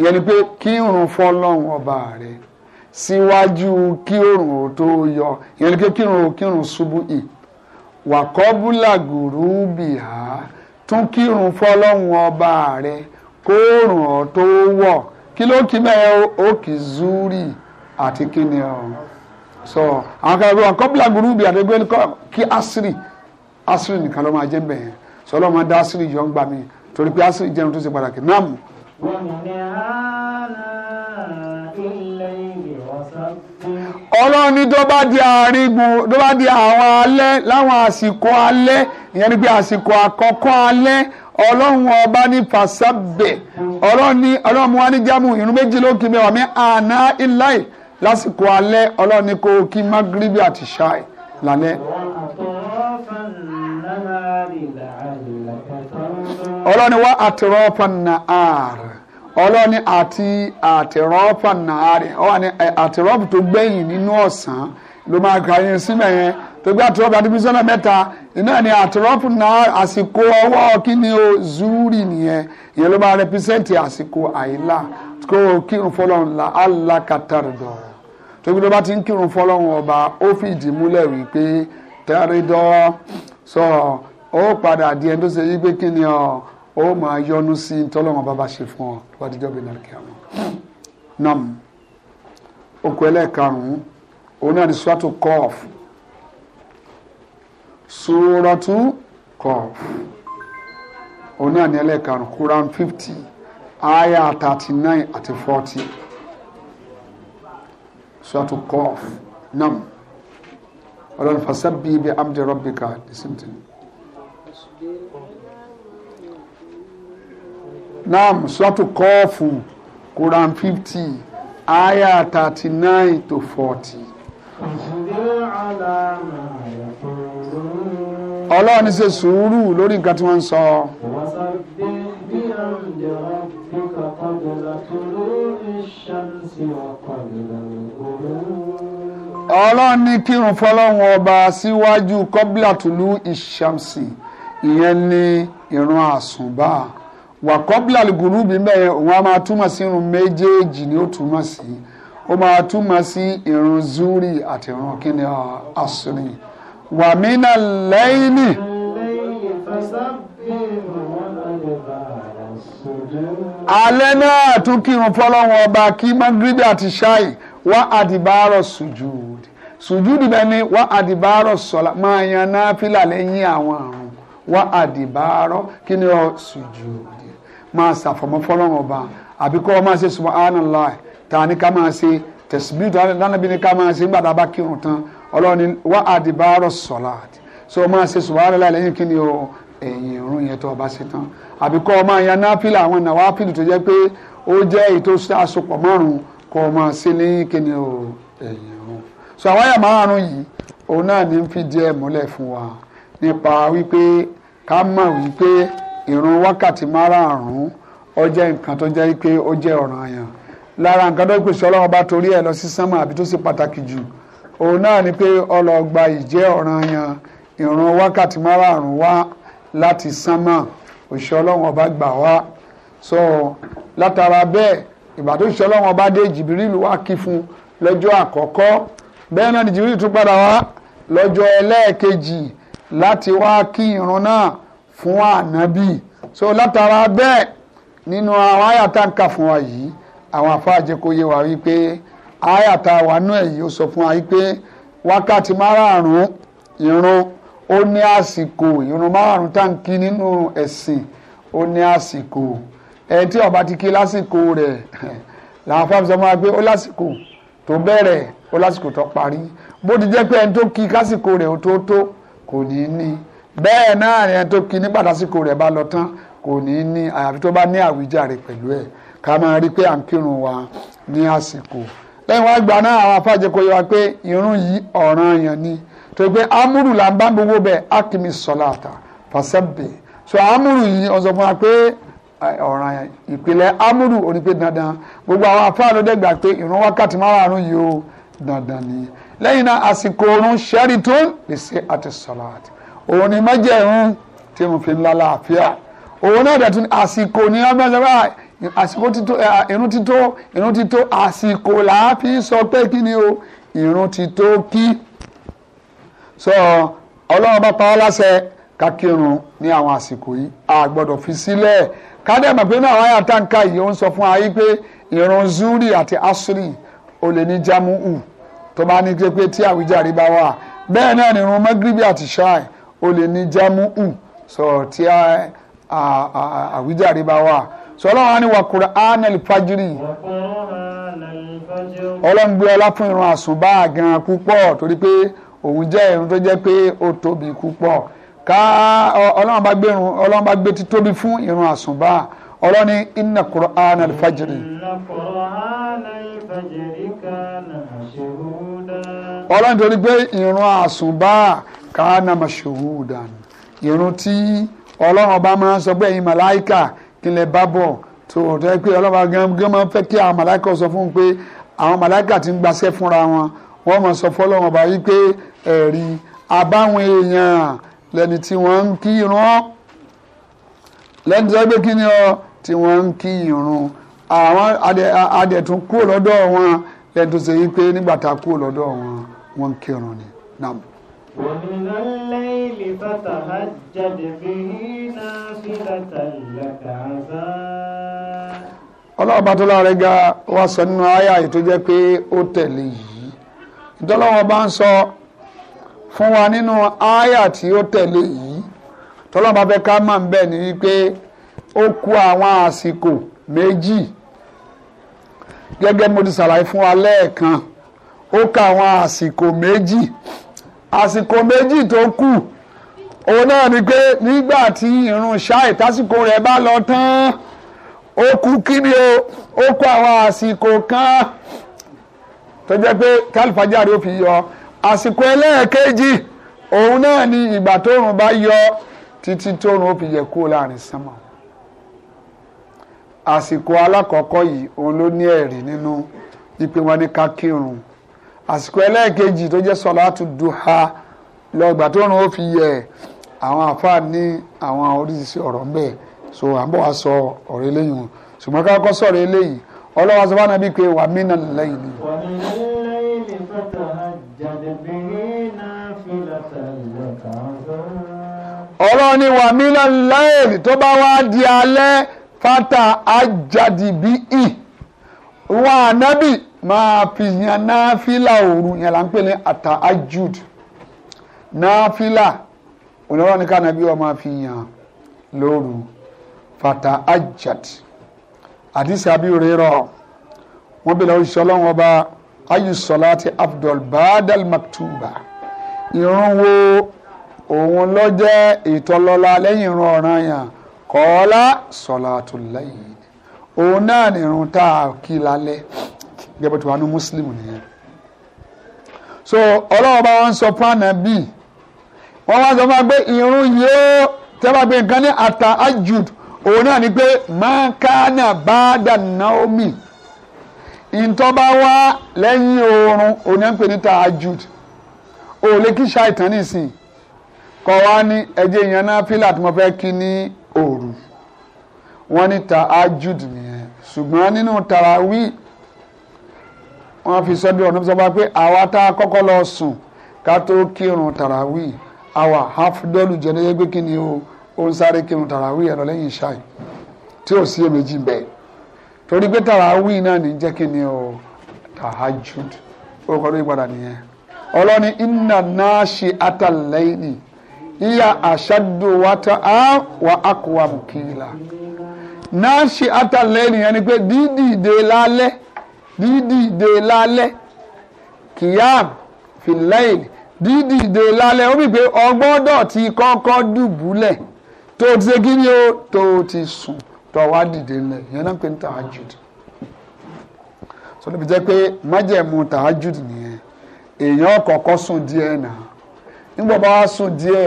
ìyẹn ni pé kírun fọlọ́run ọba rẹ̀ síwájú kí òrùn tó yọ ìyẹn ni pé kírun kírun ṣubú ì wà kọ́bílà gùrú bìhá tún kírun fọlọ́run ọba rẹ̀ kóòrùn ọ̀ tó wọ̀ kí ló kí bẹ́ẹ̀ ó zúrì àti kí ni ọ̀ so àwọn kan ẹgbẹ́ wọn gùrú bìhá tó gbé kí asiri asiri nìkan ló máa jẹ́ bẹ́ẹ̀ sọlọ́ máa dá àṣírí yọ ń gbà mí torí pé àṣírí jẹun tó ṣe pàtàkì náà mú. ọlọ́run ní tó bá di àárígun tó bá di àwọn alẹ́ láwọn àsìkò alẹ́ ìyẹn ni pé àsìkò àkọ́kọ́ alẹ́ ọlọ́run ọba ní fàṣàbẹ̀ ọlọ́run ní ọlọ́run mú wa ní jámù ìrun méjì lókè mẹ́wàá mi àná ìláì lásìkò alẹ́ ọlọ́run ní kó kí magribi àti ṣáì lálẹ́ ọlọ́ni wá àtìrọ́pà nàárì ọlọ́ni àti àtìrọ́pà nàárì ọ̀wọ́ni àtìrọ́pù tó gbẹ̀yìn nínú ọ̀sán ló máa kà yín sílẹ̀ yẹn tó gbé àtìrọ́pù àti bísọ́nà mẹ́ta iná ni àtìrọ́pù nàárì àsìkò ọwọ́ ni o zúrì nìyẹn ìyẹn ló máa rẹpísẹ́ǹtì àsìkò àìlà kó o kírun fọlọ́run la alákatàrọ̀dọ̀ tó gbé tó bá ti ń kírun fọlọ́run ọba ó fìdí múlẹ̀ wípé tẹ́rẹ́dọ́ sọ ó padà di ẹni tó ṣe yí pé kíni ọ̀ ó máa yọnu sí tọ́lọ́wọ́n bàbá ṣe fún ọ tó bá dijọ́ bíi nàìjíríà wọn. nam okò ẹlẹ́ẹ̀karùn-ún òun náà ni suratu Qaf suratu Qaf òun náà ni ẹlẹ́ẹ̀karùn-ún Quran fifty aya thirty nine àti forty suratu Qaf nam ọlọ́run fasabbih bi amdi rabbika ìsìntìní. nam sọ́tù kọ́ọ̀fù Quran fifty aya thirty nine to forty. ọlọ́run ṣe sùúrù lórí nǹkan tí wọ́n ń sọ. ọlọ́run ní kírun fọlọ́run ọba síwájú kọ́bílà tùlú ìṣàmsì ìyẹn ní ìrun àsùnbà wà kọ́bílà lùgùnú bí bẹ́ẹ̀ wọ́n á máa túmọ̀ sí irun méjèèjì ni ó túmọ̀ sí ó máa túmọ̀ sí irun zuri àti irun kíni asuri wà mí náà alẹ́ náà tún kírun fọlọ́wọ́n ọba kí magrid àti shai wá àdìbárọ̀ sùjúdì sùjúdì bẹ́ẹ̀ ni wá àdìbárọ̀ sọ̀la máa yan náà fílà lẹ́yìn àwọn àrùn wá àdìbárọ̀ kí ni ọ sùjúdì máa ṣàfọ̀mọ́ fọlọ́run ọba àbí kọ́ máa ṣe subhanallah ta ni ká máa ṣe tẹ̀síbí lánàbí ni ká máa ṣe nígbà tá a bá kírun tán ọlọ́run ni wá àdìbárọ̀ salat so máa ṣe subhanallah lẹ́yìn kí ni o ẹ̀yìn ìrun yẹn tó bá ṣe tán àbí kọ́ máa yan náfìlà àwọn nàwáfìlì tó jẹ́ pé ó jẹ́ èyí àsopọ̀ márùn-ún kọ́ máa ṣe lẹ́yìn kí ni o ẹ̀yìn ìrun so àwọn àyà márùn-ún yìí òun náà ní fi díẹ̀ múlẹ̀ fún wa nípa wípé ká mọ̀ wípé ìrun wákàtí márààrún ó jẹ́ nǹkan tó jẹ́ pé ó jẹ́ ọ̀ranyàn lára nǹkan tó pèsè ọlọ́run bá torí ẹ̀ lọ sí sánmà àbí tó ṣe pàtàkì jù òun náà ni pé ọlọ́gba ìjẹ́ ọ̀ranyàn ìrun wákàtí márààrún wá láti sánmà òṣìṣẹ́ ọlọ́run ọba gbà wá so látara bẹ́ẹ̀ ìgbà tó ṣiṣẹ́ ọlọ́run ọba dé jìbìrìlù wá kí fún lọ́jọ́ àkọ́kọ́ bẹ́ẹ̀ náà ni jìbìrìlù tún padà wá lọ́jọ́ ẹlẹ́ẹ̀kejì láti wá kí ìrun náà fún ànábì so látara bẹ́ẹ̀ nínú àwọn àyàtà ń kà fún wa yìí àwọn àfáàjẹ kò yé wa wípé àyàtà wa náà yìí ó sọ fún wa wípé wákàtí márààrún ìrun ó ní àsìkò ìrun márààrún táǹkì nínú ẹ̀sìn ó ní àsìkò ẹ tí ọba ti kí lásìkò rẹ̀ [laughs] làwọn fáfisọ máa gbé ó lásìkò tó bẹ̀rẹ̀ ó lásìkò tó parí bó ti jẹ́ pé ẹni tó kí lásìkò rẹ̀ ó tó tó kò ní ní bẹ́ẹ̀ náà ni ẹni tó kí ní pàtàsíkò rẹ̀ bá lọ tán kò ní ní àyàfi tó bá ní àwíjàre pẹ̀lú ẹ̀ ká máa rí pé à ń kírun wa ní àsìkò lẹ́yìn wá gbà náà àwọn afáàjẹ kò yẹ pé irun yìí ọ̀ranyàn ni tó gbé amúrù là ń bá gbogbo bẹ́ẹ̀ akimi sọláàtà fàṣẹ́bẹ̀ so amúrù yìí ọ̀sọ̀ fún wa pé ọ̀ranyàn ìpìlẹ̀ amúrù òní pé dandan gbogbo àwọn afáàlú dẹ́gbà pé irun wákàtí márùn-ún yìí ó dandan ni lẹ́yìn náà àsìkò oorun ṣẹ́rí tó lè ṣe àti sọláàtà òun ni májẹ̀rún tí mo fi ń lálàáfíà òun náà dẹ̀ tún àsìkò ní ọmọdébà ah, àsìkò tító eh, ah, irun tító irun tító àsìkò làáfi sọ pé kí ni o irun tító kí sọ ọlọ́run bá pa ọ́ láṣẹ ká kírun ní àwọn àsìkò yìí a gbọ́dọ̀ fi sílẹ̀ kádẹ́mọ̀ pé náà wáyà táǹkà yìí ó ń sọ fún ayé pé ìrun zuri àti asuri ó lè ní jamuhu tó bá ní pé tí àwíjàre bá wà bẹ́ẹ̀ náà ni ìrun magribi àti shai ó lè ní jámúù sọ tí àwíjàre bá wà sọ ọlọ́run á ní wa Qur'ana al-fajri ọlọ́run gbé ọlá fún ìrun àsùnbà gan púpọ̀ torí pé òun jẹ́ ìrun tó jẹ́ pé ó tóbi púpọ̀ ká ọlọ́run bá gbé ìrun ọlọ́run fún ìrun àsùnbà ọlọ́run ní inna Qur'ana al-fajri. ọlọ́run torí pé ìrun àsùnbà káánà mashuhudan ìrun tí ọlọ́run ọba máa ń sọ pé ẹ̀yin màláìkà kí lè bá bọ̀ tó ọ̀tọ́ ẹ pé ọlọ́run ọba gángan máa ń fẹ́ kí àwọn màláìkà sọ fún un pé àwọn màláìkà ti ń gbaṣẹ́ fúnra wọn wọ́n máa sọ fọ́lọ́run ọba yìí pé ẹ̀rí abáwọn èèyàn lẹ́ni tí wọ́n ń kí irun lẹ́ni tó gbé kí ni ọ tí wọ́n ń kí irun àwọn adẹ̀tún kúrò lọ́dọ̀ wọn lẹ́ni tó ṣe yí pé nígbà tá a kúrò lọ́dọ̀ wọn wọ́n ń kírun ni. Nam. ومن الليل فتهجد به نافلة لك عسى ọlọ́ọ̀bá tó láre ga wá sọ nínú àyà yìí tó jẹ́ pé ó tẹ̀lé yìí ìtọ́lọ́wọ́ bá ń sọ fún wa nínú àyà tí ó tẹ̀lé yìí tọ́lọ́wọ́ bá fẹ́ ká máa ń bẹ̀ ní wípé ó kú àwọn àsìkò méjì gẹ́gẹ́ mo ti ṣàlàyé fún wa lẹ́ẹ̀kan ó kà àwọn àsìkò méjì àsìkò méjì tó kù òun náà ni pé nígbà tí irun ṣáì tásìkò rẹ̀ bá lọ tán ó kú kí o ó kó àwọn àsìkò kan tó jẹ́ pé kálífàjáde ó fi yọ àsìkò ẹlẹ́ẹ̀kejì òun náà ni ìgbà tóòrùn bá yọ títí tóòrùn ó fi yẹ kúrò láàrin sánmà àsìkò alákọ̀ọ́kọ́ yìí òun ló ní ẹ̀rí nínú ìpínwá ká kírun àsìkò ẹlẹ́ẹ̀kejì tó jẹ́ sọ̀láàtù duha lọ́gbà tó rún ó fi yẹ àwọn àfáà ní àwọn oríṣiríṣi ọ̀rọ̀ ń bẹ̀ so à ń bọ̀ wá sọ ọ̀rọ̀ eléyìí wọn ṣùgbọ́n ká kọ́ sọ̀rọ̀ eléyìí ọlọ́wọ́ sọ fánà bíi pé wà mí nà lẹ́yìn ni. ọlọ́run ni wà mí nà lẹ́yìn tó bá wá di alẹ́ fata ajadibi i wà nábì máa fi yan náfìlà òru yẹn là ń pè ní àtàájúd náfìlà onírọ́ ní kánàbí wa máa fi yan lóru fata ajad àdìsí abíyòrè rọ wọn bẹ̀rẹ̀ oṣù ọlọ́run ọba ayùsọ̀lá ti abdul badal maktuba irun wo òun ló jẹ́ ìtọ́lọ́lá lẹ́yìn irun ọ̀ràn yàn kọ́ọ́lá sọ̀lá tó lẹ́yìn òun náà nìrun tá a kí lálẹ́ gẹ́gẹ́ tí wọ́n ní muslim nìyẹn so ọlọ́run bá wọn sọ fún ànábì wọ́n wá sọ fún wa pé irun yóò tẹ́lá pé nǹkan ní ata ajud òun náà ni pé máa ká naomi ìtọ́ba wá lẹ́yìn oorun òun náà ń pè ní ta ajud òun lè kí ṣàìtàn nísìnyí kọ́ wa ní ẹjẹ́ ìyẹn náà fílà tí mo fẹ́ kí ní òru wọ́n ní ta ajud nìyẹn ṣùgbọ́n nínú tarawih wọ́n fi sọ́dọ̀ ọ̀nà sọ pé àwa tá a kọ́kọ́ lọ sùn ká tó kírun tàràwì àwa hafdọ́lù jẹ́ lóye pé kí ni o ó ń sáré kírun tàràwì ẹ̀ lọ lẹ́yìn ṣáì tí ò sí èméjì bẹ́ẹ̀ torí pé tàràwì náà ní jẹ́ kí ni o tahajud orúkọ ló yípadà nìyẹn ọlọ́ni iná náà ṣe atalẹ́yìn ìyá àṣàdù wata á wà ákùwà bùkìlà náà ṣe atalẹ́yìn ẹni pé dídìde lálẹ́ dídìde lálẹ́ kìyàm fìlẹ́yìn dídìde lálẹ́ ó bí pé ọgbọ́dọ̀ ti kọ́kọ́ dùbúlẹ̀ tó ti ṣe kí o tó ti sùn tó wá dìde lẹ̀ yẹn náà pé jẹ́ pé májẹ̀mú nìyẹn èèyàn sùn díẹ̀ náà nígbà bá sùn díẹ̀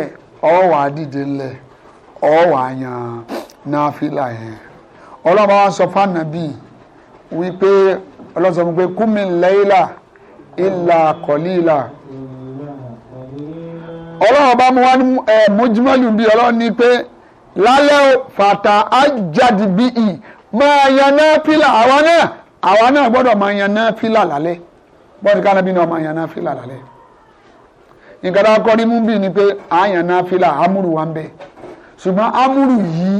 ọwọ́ dìde lẹ̀ ọwọ́ yan náà yẹn ọlọ́run bá ọlọ́run sọ fún pé kúmi lẹ́yìnlá ìlà kọ̀líìlà ọlọ́run bá mú wá ní mójúmọ́lù bí ọlọ́run ní pé lálẹ́ fàtà ájáde bí i máa yan náà pílà àwa náà àwa náà gbọ́dọ̀ máa yan náà pílà lálẹ́ bọ́ọ̀dù ká nàbí náà máa yan náà pílà lálẹ́ nǹkan tó kọ́ ní mú bí ni pé àyàn náà pílà amúrù wa ń bẹ ṣùgbọ́n amúrù yìí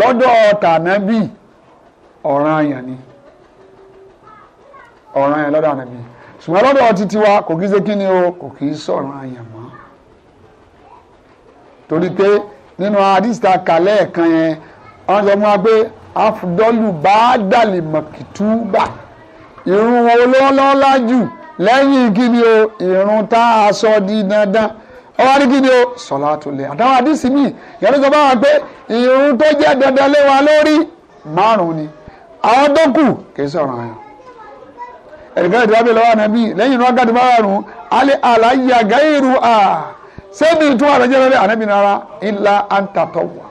lọ́dọ̀ tànábì ọ̀ràn àyàn ni ọ̀ràn yẹn lọ́dọ̀ ànábì ṣùgbọ́n lọ́dọ̀ ọtí tiwa kò kí ṣe kí ni o kò kí ń sọ̀rọ̀ àyàn mọ́ torí pé nínú àdìsítà kalẹ̀ kan yẹn wọ́n sọ fún wa pé afudọ́lù bá dàlì mọ̀kìtúbà irun olólọ́lá jù lẹ́yìn kí ni o irun tá a sọ di dandan ọwọ́ ní kí ni o sọ̀lá tó lẹ̀ àtàwọn àdìsí mi ìyẹn sọ fún wa pé irun tó jẹ́ dandan lé wa lórí márùn-ún ni àwọn tó kù kì í sọ̀rọ̀ àyàn ẹ̀ríkẹ́ ìdíwájú lọ́wọ́ ànábì lẹ́yìn inú wákàtí márùn-ún alẹ́ àlàyé àgáyèrú à sẹ́mi tún wà lọ́jọ́ lọ́dẹ ànábì nara ńlá àǹtàtọ̀ wà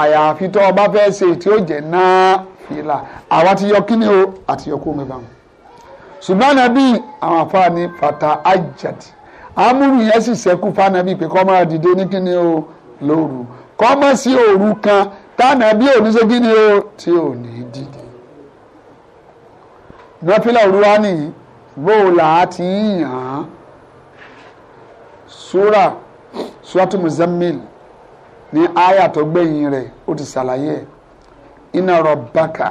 àyàfi tó ọba fẹ́ ṣe tí ó jẹ́ náà fìlà àwa ti yọ kíni o àti yọ kó mi bá wọn. ṣùgbọ́n ànábì àwọn afáà ní fata ajadi amúrù yẹn sì ṣẹ́kù fànàbì pé kọ́ máa dìde ní kíni o lóru kọ́ mọ́ sí òru kan tànàbí òní ṣe kíni o tí ò ní dìde nọ́fílà òruwá ní bóò làá ti ń yàn án súrà súrátù Muzammil ní àyà tó gbẹ̀yìn rẹ̀ ó ti ṣàlàyé ẹ̀ iná rabbaka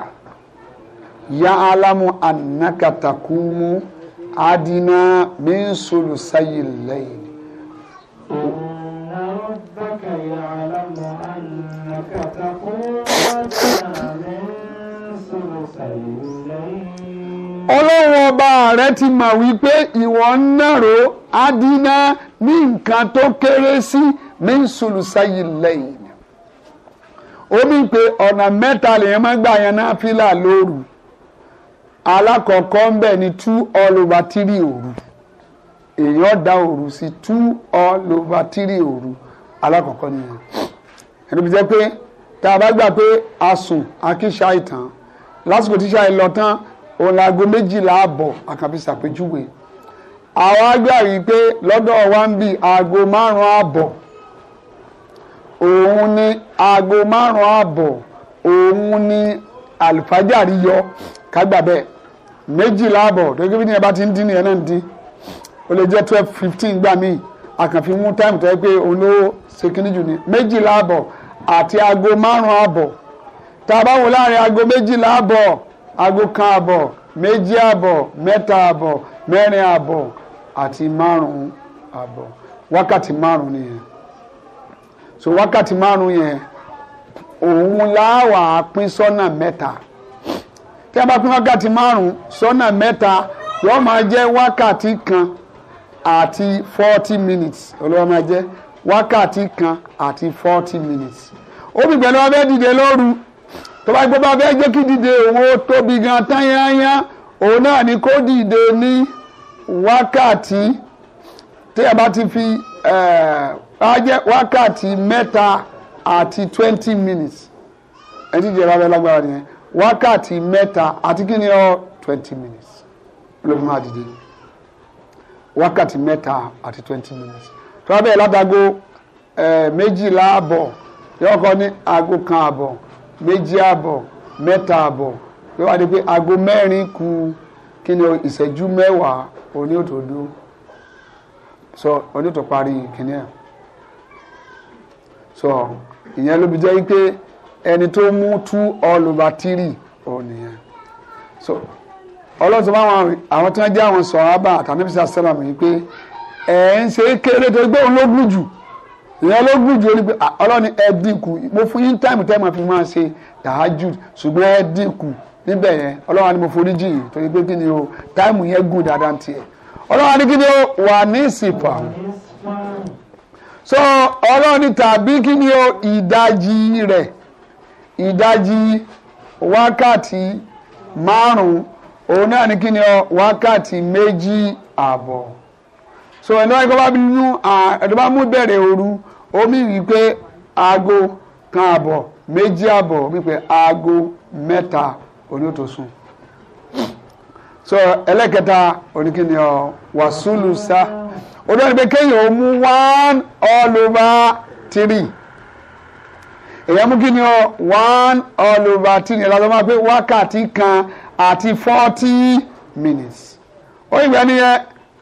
yá álámù annaka takumu adina min sulusayil layl. Thank you. ọlọ́run ọba rẹ ti mọ̀ wípé ìwọ nàró adínà ní nǹkan tó kéré sí mínsùlù sáyì lẹ́yìn ó ní pé ọ̀nà mẹ́ta lèèyàn máa gbà yẹn náà fílà lóru alákọ̀ọ́kọ́ ń bẹ̀ two all over three òru èèyàn dá òru sí two all over three òru alákọ̀ọ́kọ́ ẹni bí jẹ́ pé tá a bá gbà pé a òun aago méjìlá àbọ̀ àkànfi ṣàpèjúwe àwọn agbára yìí pé lọ́dọ̀ wa ń bì aago márùn-ún àbọ̀ òun ni aago márùn-ún àbọ̀ òun ni àlùfájàrí yọ kágbà méjìlá àbọ̀ gẹ́gẹ́ bí ní ẹba ti ń dín ní ẹ̀nà ń dín ó lè jẹ́ twelve fifteen gbà míì àkànfi mú táìmù tó yẹ pé òun ló ṣe kíní jù ní méjìlá àbọ̀ àti aago márùn-ún àbọ̀ tá a bá wò láàrin aago méjìlá àbọ̀ agụkan abọ àbọ̀ méjì àbọ̀ mẹta àbọ̀ mẹrin àbọ̀ àti márùn-ún àbọ̀ wákàtí márùn nìyẹn so wákàtí márùn yẹn òun láwà pín sọ́nà mẹta tí a bá pín wákàtí márùn-ún sọ́nà yóò máa jẹ wákàtí kan àti forty minutes máa jẹ wákàtí kan àti forty minutes ó tó bá gbé bá fẹ́ jẹ́ kí dìde òun ó tóbi gan tán yányá òun náà ni kó dìde ní wákàtí tí a bá ti fi eh, á jẹ́ wákàtí mẹ́ta àti twenty minutes ẹ ti jẹ́ lábẹ́ lágbára nìyẹn wákàtí mẹ́ta àti kí ni ọ twenty minutes ló fi máa dìde wákàtí mẹ́ta àti twenty minutes tó bá bẹ́ẹ̀ látago eh, méjìlá àbọ̀ yọkọ ní aago kan méjì àbọ̀ mẹ́ta àbọ̀ yóò wá di pé aago mẹ́rin kù kí ni ìṣẹ́jú mẹ́wàá òní òtò dúró so òní òtò parí kìíní ẹ̀ so ìyẹn ló fi jẹ́ pé ẹni tó mú two all over three ònìyẹn so ọlọ́run bá wọn àwọn tí wọ́n jẹ́ àwọn sọ̀rọ̀ àbá àtàmẹ́bísà sẹ́làmù yìí pé ẹ̀ ń ṣe kéré tó gbé òun ló jù ìyẹn ló gùn jù onígbẹ ah, ọlọ́ni ẹ dínkù mo fún yín táìmù tẹ́ẹ̀mù fi máa ṣe tàájù ṣùgbọ́n ẹ dínkù níbẹ̀ yẹn ọlọ́wà ni mo forí jì yìí torí pé kí ni o táìmù yẹn gùn dáadáa ń tiẹ̀ ọlọ́wà ni kí ni o wà ní ìsìpà so ọlọ́ni tàbí kí ni o ìdajì rẹ̀ ìdajì wákàtí márùn-ún òun náà ni kí ni o wákàtí méjì ààbọ̀ so ẹni wáyé kọ́ bá mú bẹ̀rẹ̀ òru omi rí pé aago kan àbọ̀ méjì àbọ̀ omi aago mẹ́ta oní so ẹlẹ́kẹta oníkíni ọ wàsúlùsá olórí pé kéèyàn ó mú one all over three èèyàn mú kíni ọ one all over three ẹ̀ lọ́dọ́ máa pé wákàtí kan àti forty minutes ó ìgbà nìyẹn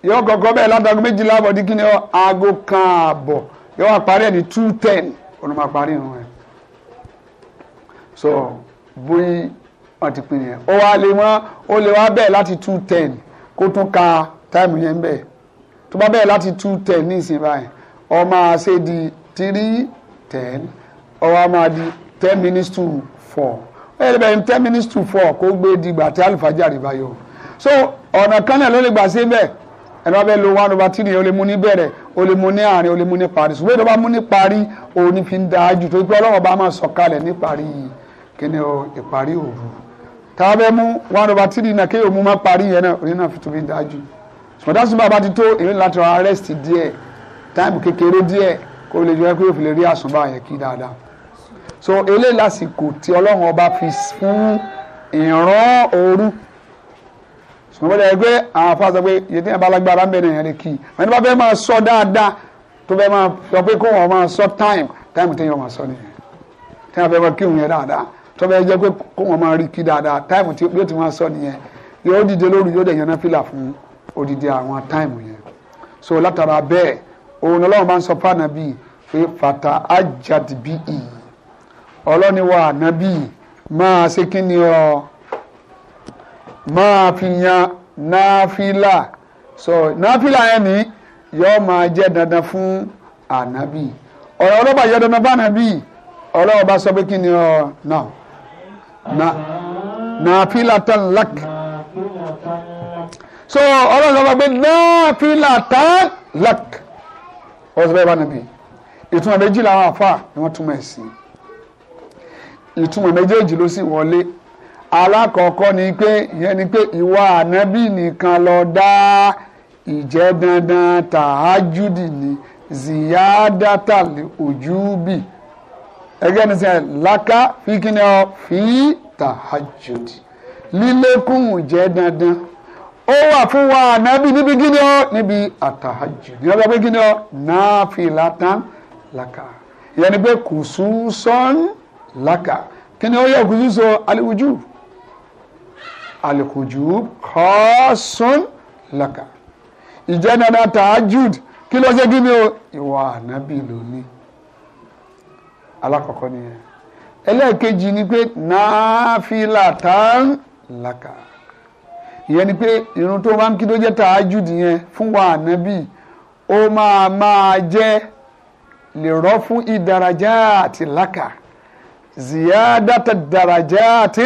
yóò kọ́kọ́ bẹ́ẹ̀ látàgọ́ méjìlá àbọ̀ kíni ọ aago kan àbọ̀ yóò wá parí ẹ̀ ní two ten ọ̀nà máa parí ẹ̀ so bóyí wọ́n ti pin yẹn ó wá lè wọ́n ó lè wá bẹ́ẹ̀ láti two ten kó tún ka táìmù yẹn bẹ́ẹ̀ tó bá bẹ́ẹ̀ láti two ten ní ìsìn báyìí ó máa ṣe di three ten ó wá máa di ten minutes to four ó yẹ bẹ́ẹ̀ ten minutes to four kó gbé dìgbà tí àlùfájàre bá yọ so ọ̀nà kan náà ló lè gbà ṣe bẹ́ẹ̀ ẹ̀rọ abẹ́ lo one over three ó lè mú ní bẹ̀rẹ̀ o lè mú ní àárín o lè mú ní parí ṣùgbọ́n ìdọ́gba mú ní parí òun ni fi ń da jù tó gbé ọlọ́wọ́ bá máa sọ kalẹ̀ ní parí kíni o ìparí òru tàbẹ́ mú one over three náà kéèyàn mú má parí yẹn náà òun náà fi tún fi ń da jù ṣùgbọ́n dáṣù bàbá ti tó èmi láti ra rest díẹ̀ táìmù kékeré díẹ̀ kó lè jẹ́ pé òfin lè rí àsùnbà yẹn kí dáadáa so eléyìí lásìkò tí ọlọ́run ọba fi fún ìran òru wọ́n lè gbé àwọn afa sọ pé yẹtí yẹn bá lágbára ń bẹ̀rẹ̀ yẹn lè kí i wọ́n ní bá fẹ́ máa sọ dáadáa tó fẹ́ máa sọ pé kó wọ́n máa sọ táìmù táìmù téèyàn máa sọ nìyẹn téèyàn fẹ́ máa kírun yẹn dáadáa tó fẹ́ jẹ́ pé kó wọ́n máa rí kí dáadáa táìmù tí yóò ti máa sọ nìyẹn yóò dìde lóru yóò dẹ̀ yànnà fìlà fún odidi àwọn táìmù yẹn so látara bẹ́ẹ̀ òun ọlọ́run máa ń sọ fáànà pé fata ajadibi ọlọ́ni wa ànábì máa ṣe kí ni ọ́ máa fi yan náfìlà so náfìlà yẹn ni yóò máa jẹ́ dandan fún ànábì ọ̀rọ̀ ọlọ́ba yẹ dandan bá ànábì ọlọ́wọ́ bá sọ pé kí ni ọ náà náfìlà tán lak so ọlọ́run sọ pé náfìlà tán lak ọ̀rọ̀ sọ pé bá ànábì ìtumọ̀ méjì làwọn àfà ni wọ́n túmọ̀ ẹ̀ sí ìtumọ̀ méjèèjì ló sì wọlé alákọ̀ọ́kọ́ ni pé ìyẹn ni pé ìwà ànábì nìkan ló dá ìjẹ́ dandan tàájúdì ni ziyadata ojúbì ẹgbẹ́ ní sẹ́yìn laka fi kí ni ọ fi tàájúdì lílékùn ìjẹ́ dandan ó wà fún wa ànábì níbi kí ni ọ níbi àtàájúdì ọjọ́ pé kí ni ọ náà fi látàn láká ìyẹn ni pé kùsùn sọ́n láká kí ni ó yẹ kùsùn sọ aliwujú alikujub kọ́ọ̀sùn laka ìjẹ́ dandan tahajud kí ló ṣe gíní o ìwà ànábì lónìí alákọ̀ọ́kọ́ nìyẹn ẹlẹ́ẹ̀kejì ni pé náàfìlà tán laka ìyẹn ni pé irun tó máa ń kí ló jẹ́ tahajud yẹn fún wa ànábì ó máa máa jẹ́ lè rọ́ fún ìdàràjà àti laka ziyadata dàràjà àti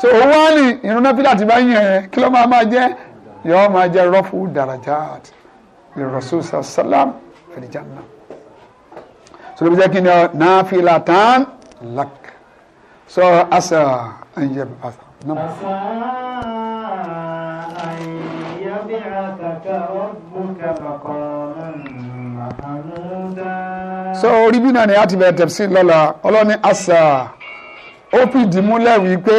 so òun wá ní irun náfìlà tí bá ń yàn yẹn kí ló máa máa jẹ́ yọ máa jẹ́ rọ́fù darajat lè rasul sallam fìdíjàmà so ló fi jẹ́ kí ni náfìlà tán lak so asa ń yẹ asa náà. asa an yabi'athaka rabbuka maqaman mahmuda. so orí bí náà ni a ti bẹ̀rẹ̀ tafsir lọ́la ọlọ́ni asa ó fìdí múlẹ̀ wípé.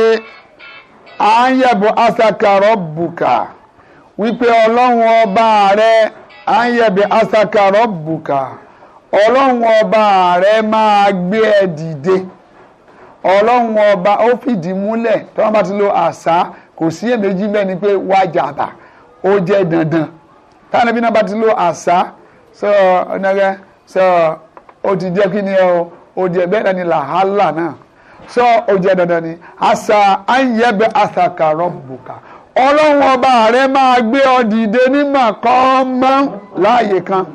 àyẹ̀bọ̀ asakarọ̀ bùkà wipe ọlọ́run ọba rẹ àyẹ̀bẹ̀ asakarọ̀ bùkà ọlọ́run ọba rẹ máa gbé ẹ dìde ọba ó fìdí múlẹ̀ tí wọ́n bá ti lo àṣà kò sí èméjì bẹ́ẹ̀ ni pé wájàbà ó dandan táwọn ẹbí náà bá ti lo àṣà sọ ọ̀nàgẹ́ sọ ọ ti jẹ́ ọ ni ó di sọ ó jẹ́ dandan ni asa àyẹ̀bẹ̀ àṣàkà rọ̀bùkà ọlọ́run ọba rẹ máa gbé ọ dìde ní màkọ́mọ́ láàyè kan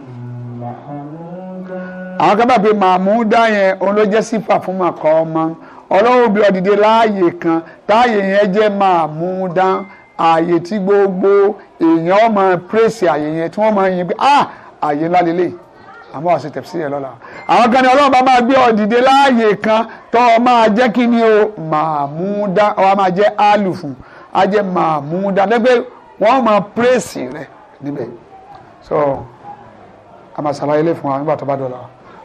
àwọn kan bá pe màmúdá yẹn òun ló jẹ́ sífà fún màkọ́mọ́ ọlọ́run bí ọ dìde láàyè kan táàyè yẹn jẹ́ màmúdá ààyè tí gbogbo èèyàn máa pírèsì ààyè yẹn tí wọ́n máa yin pé ah ààyè ńlá lélẹ́yìí àmọ́ àṣẹ tẹ̀sí ẹ̀ lọ́la àwọn kan ní ọlọ́run bá máa gbé ọ dìde láàyè kan tó o máa jẹ́ kí ni o màmúdá ọ máa jẹ́ àlù fún a jẹ́ màmúdá lẹ́gbẹ́ wọ́n máa pírèsì rẹ̀ níbẹ̀ so a máa ṣàlàyé lé fún wa nígbà tó bá dọ̀la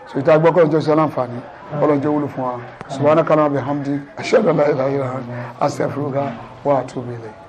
so ìta gbọ́ kọ́ ọjọ́ sí aláǹfààní ọlọ́jọ́ wúlò fún wa subhanaka wa bihamdi ashhadu an la ilaha illa anta astaghfiruka wa atubu ilayk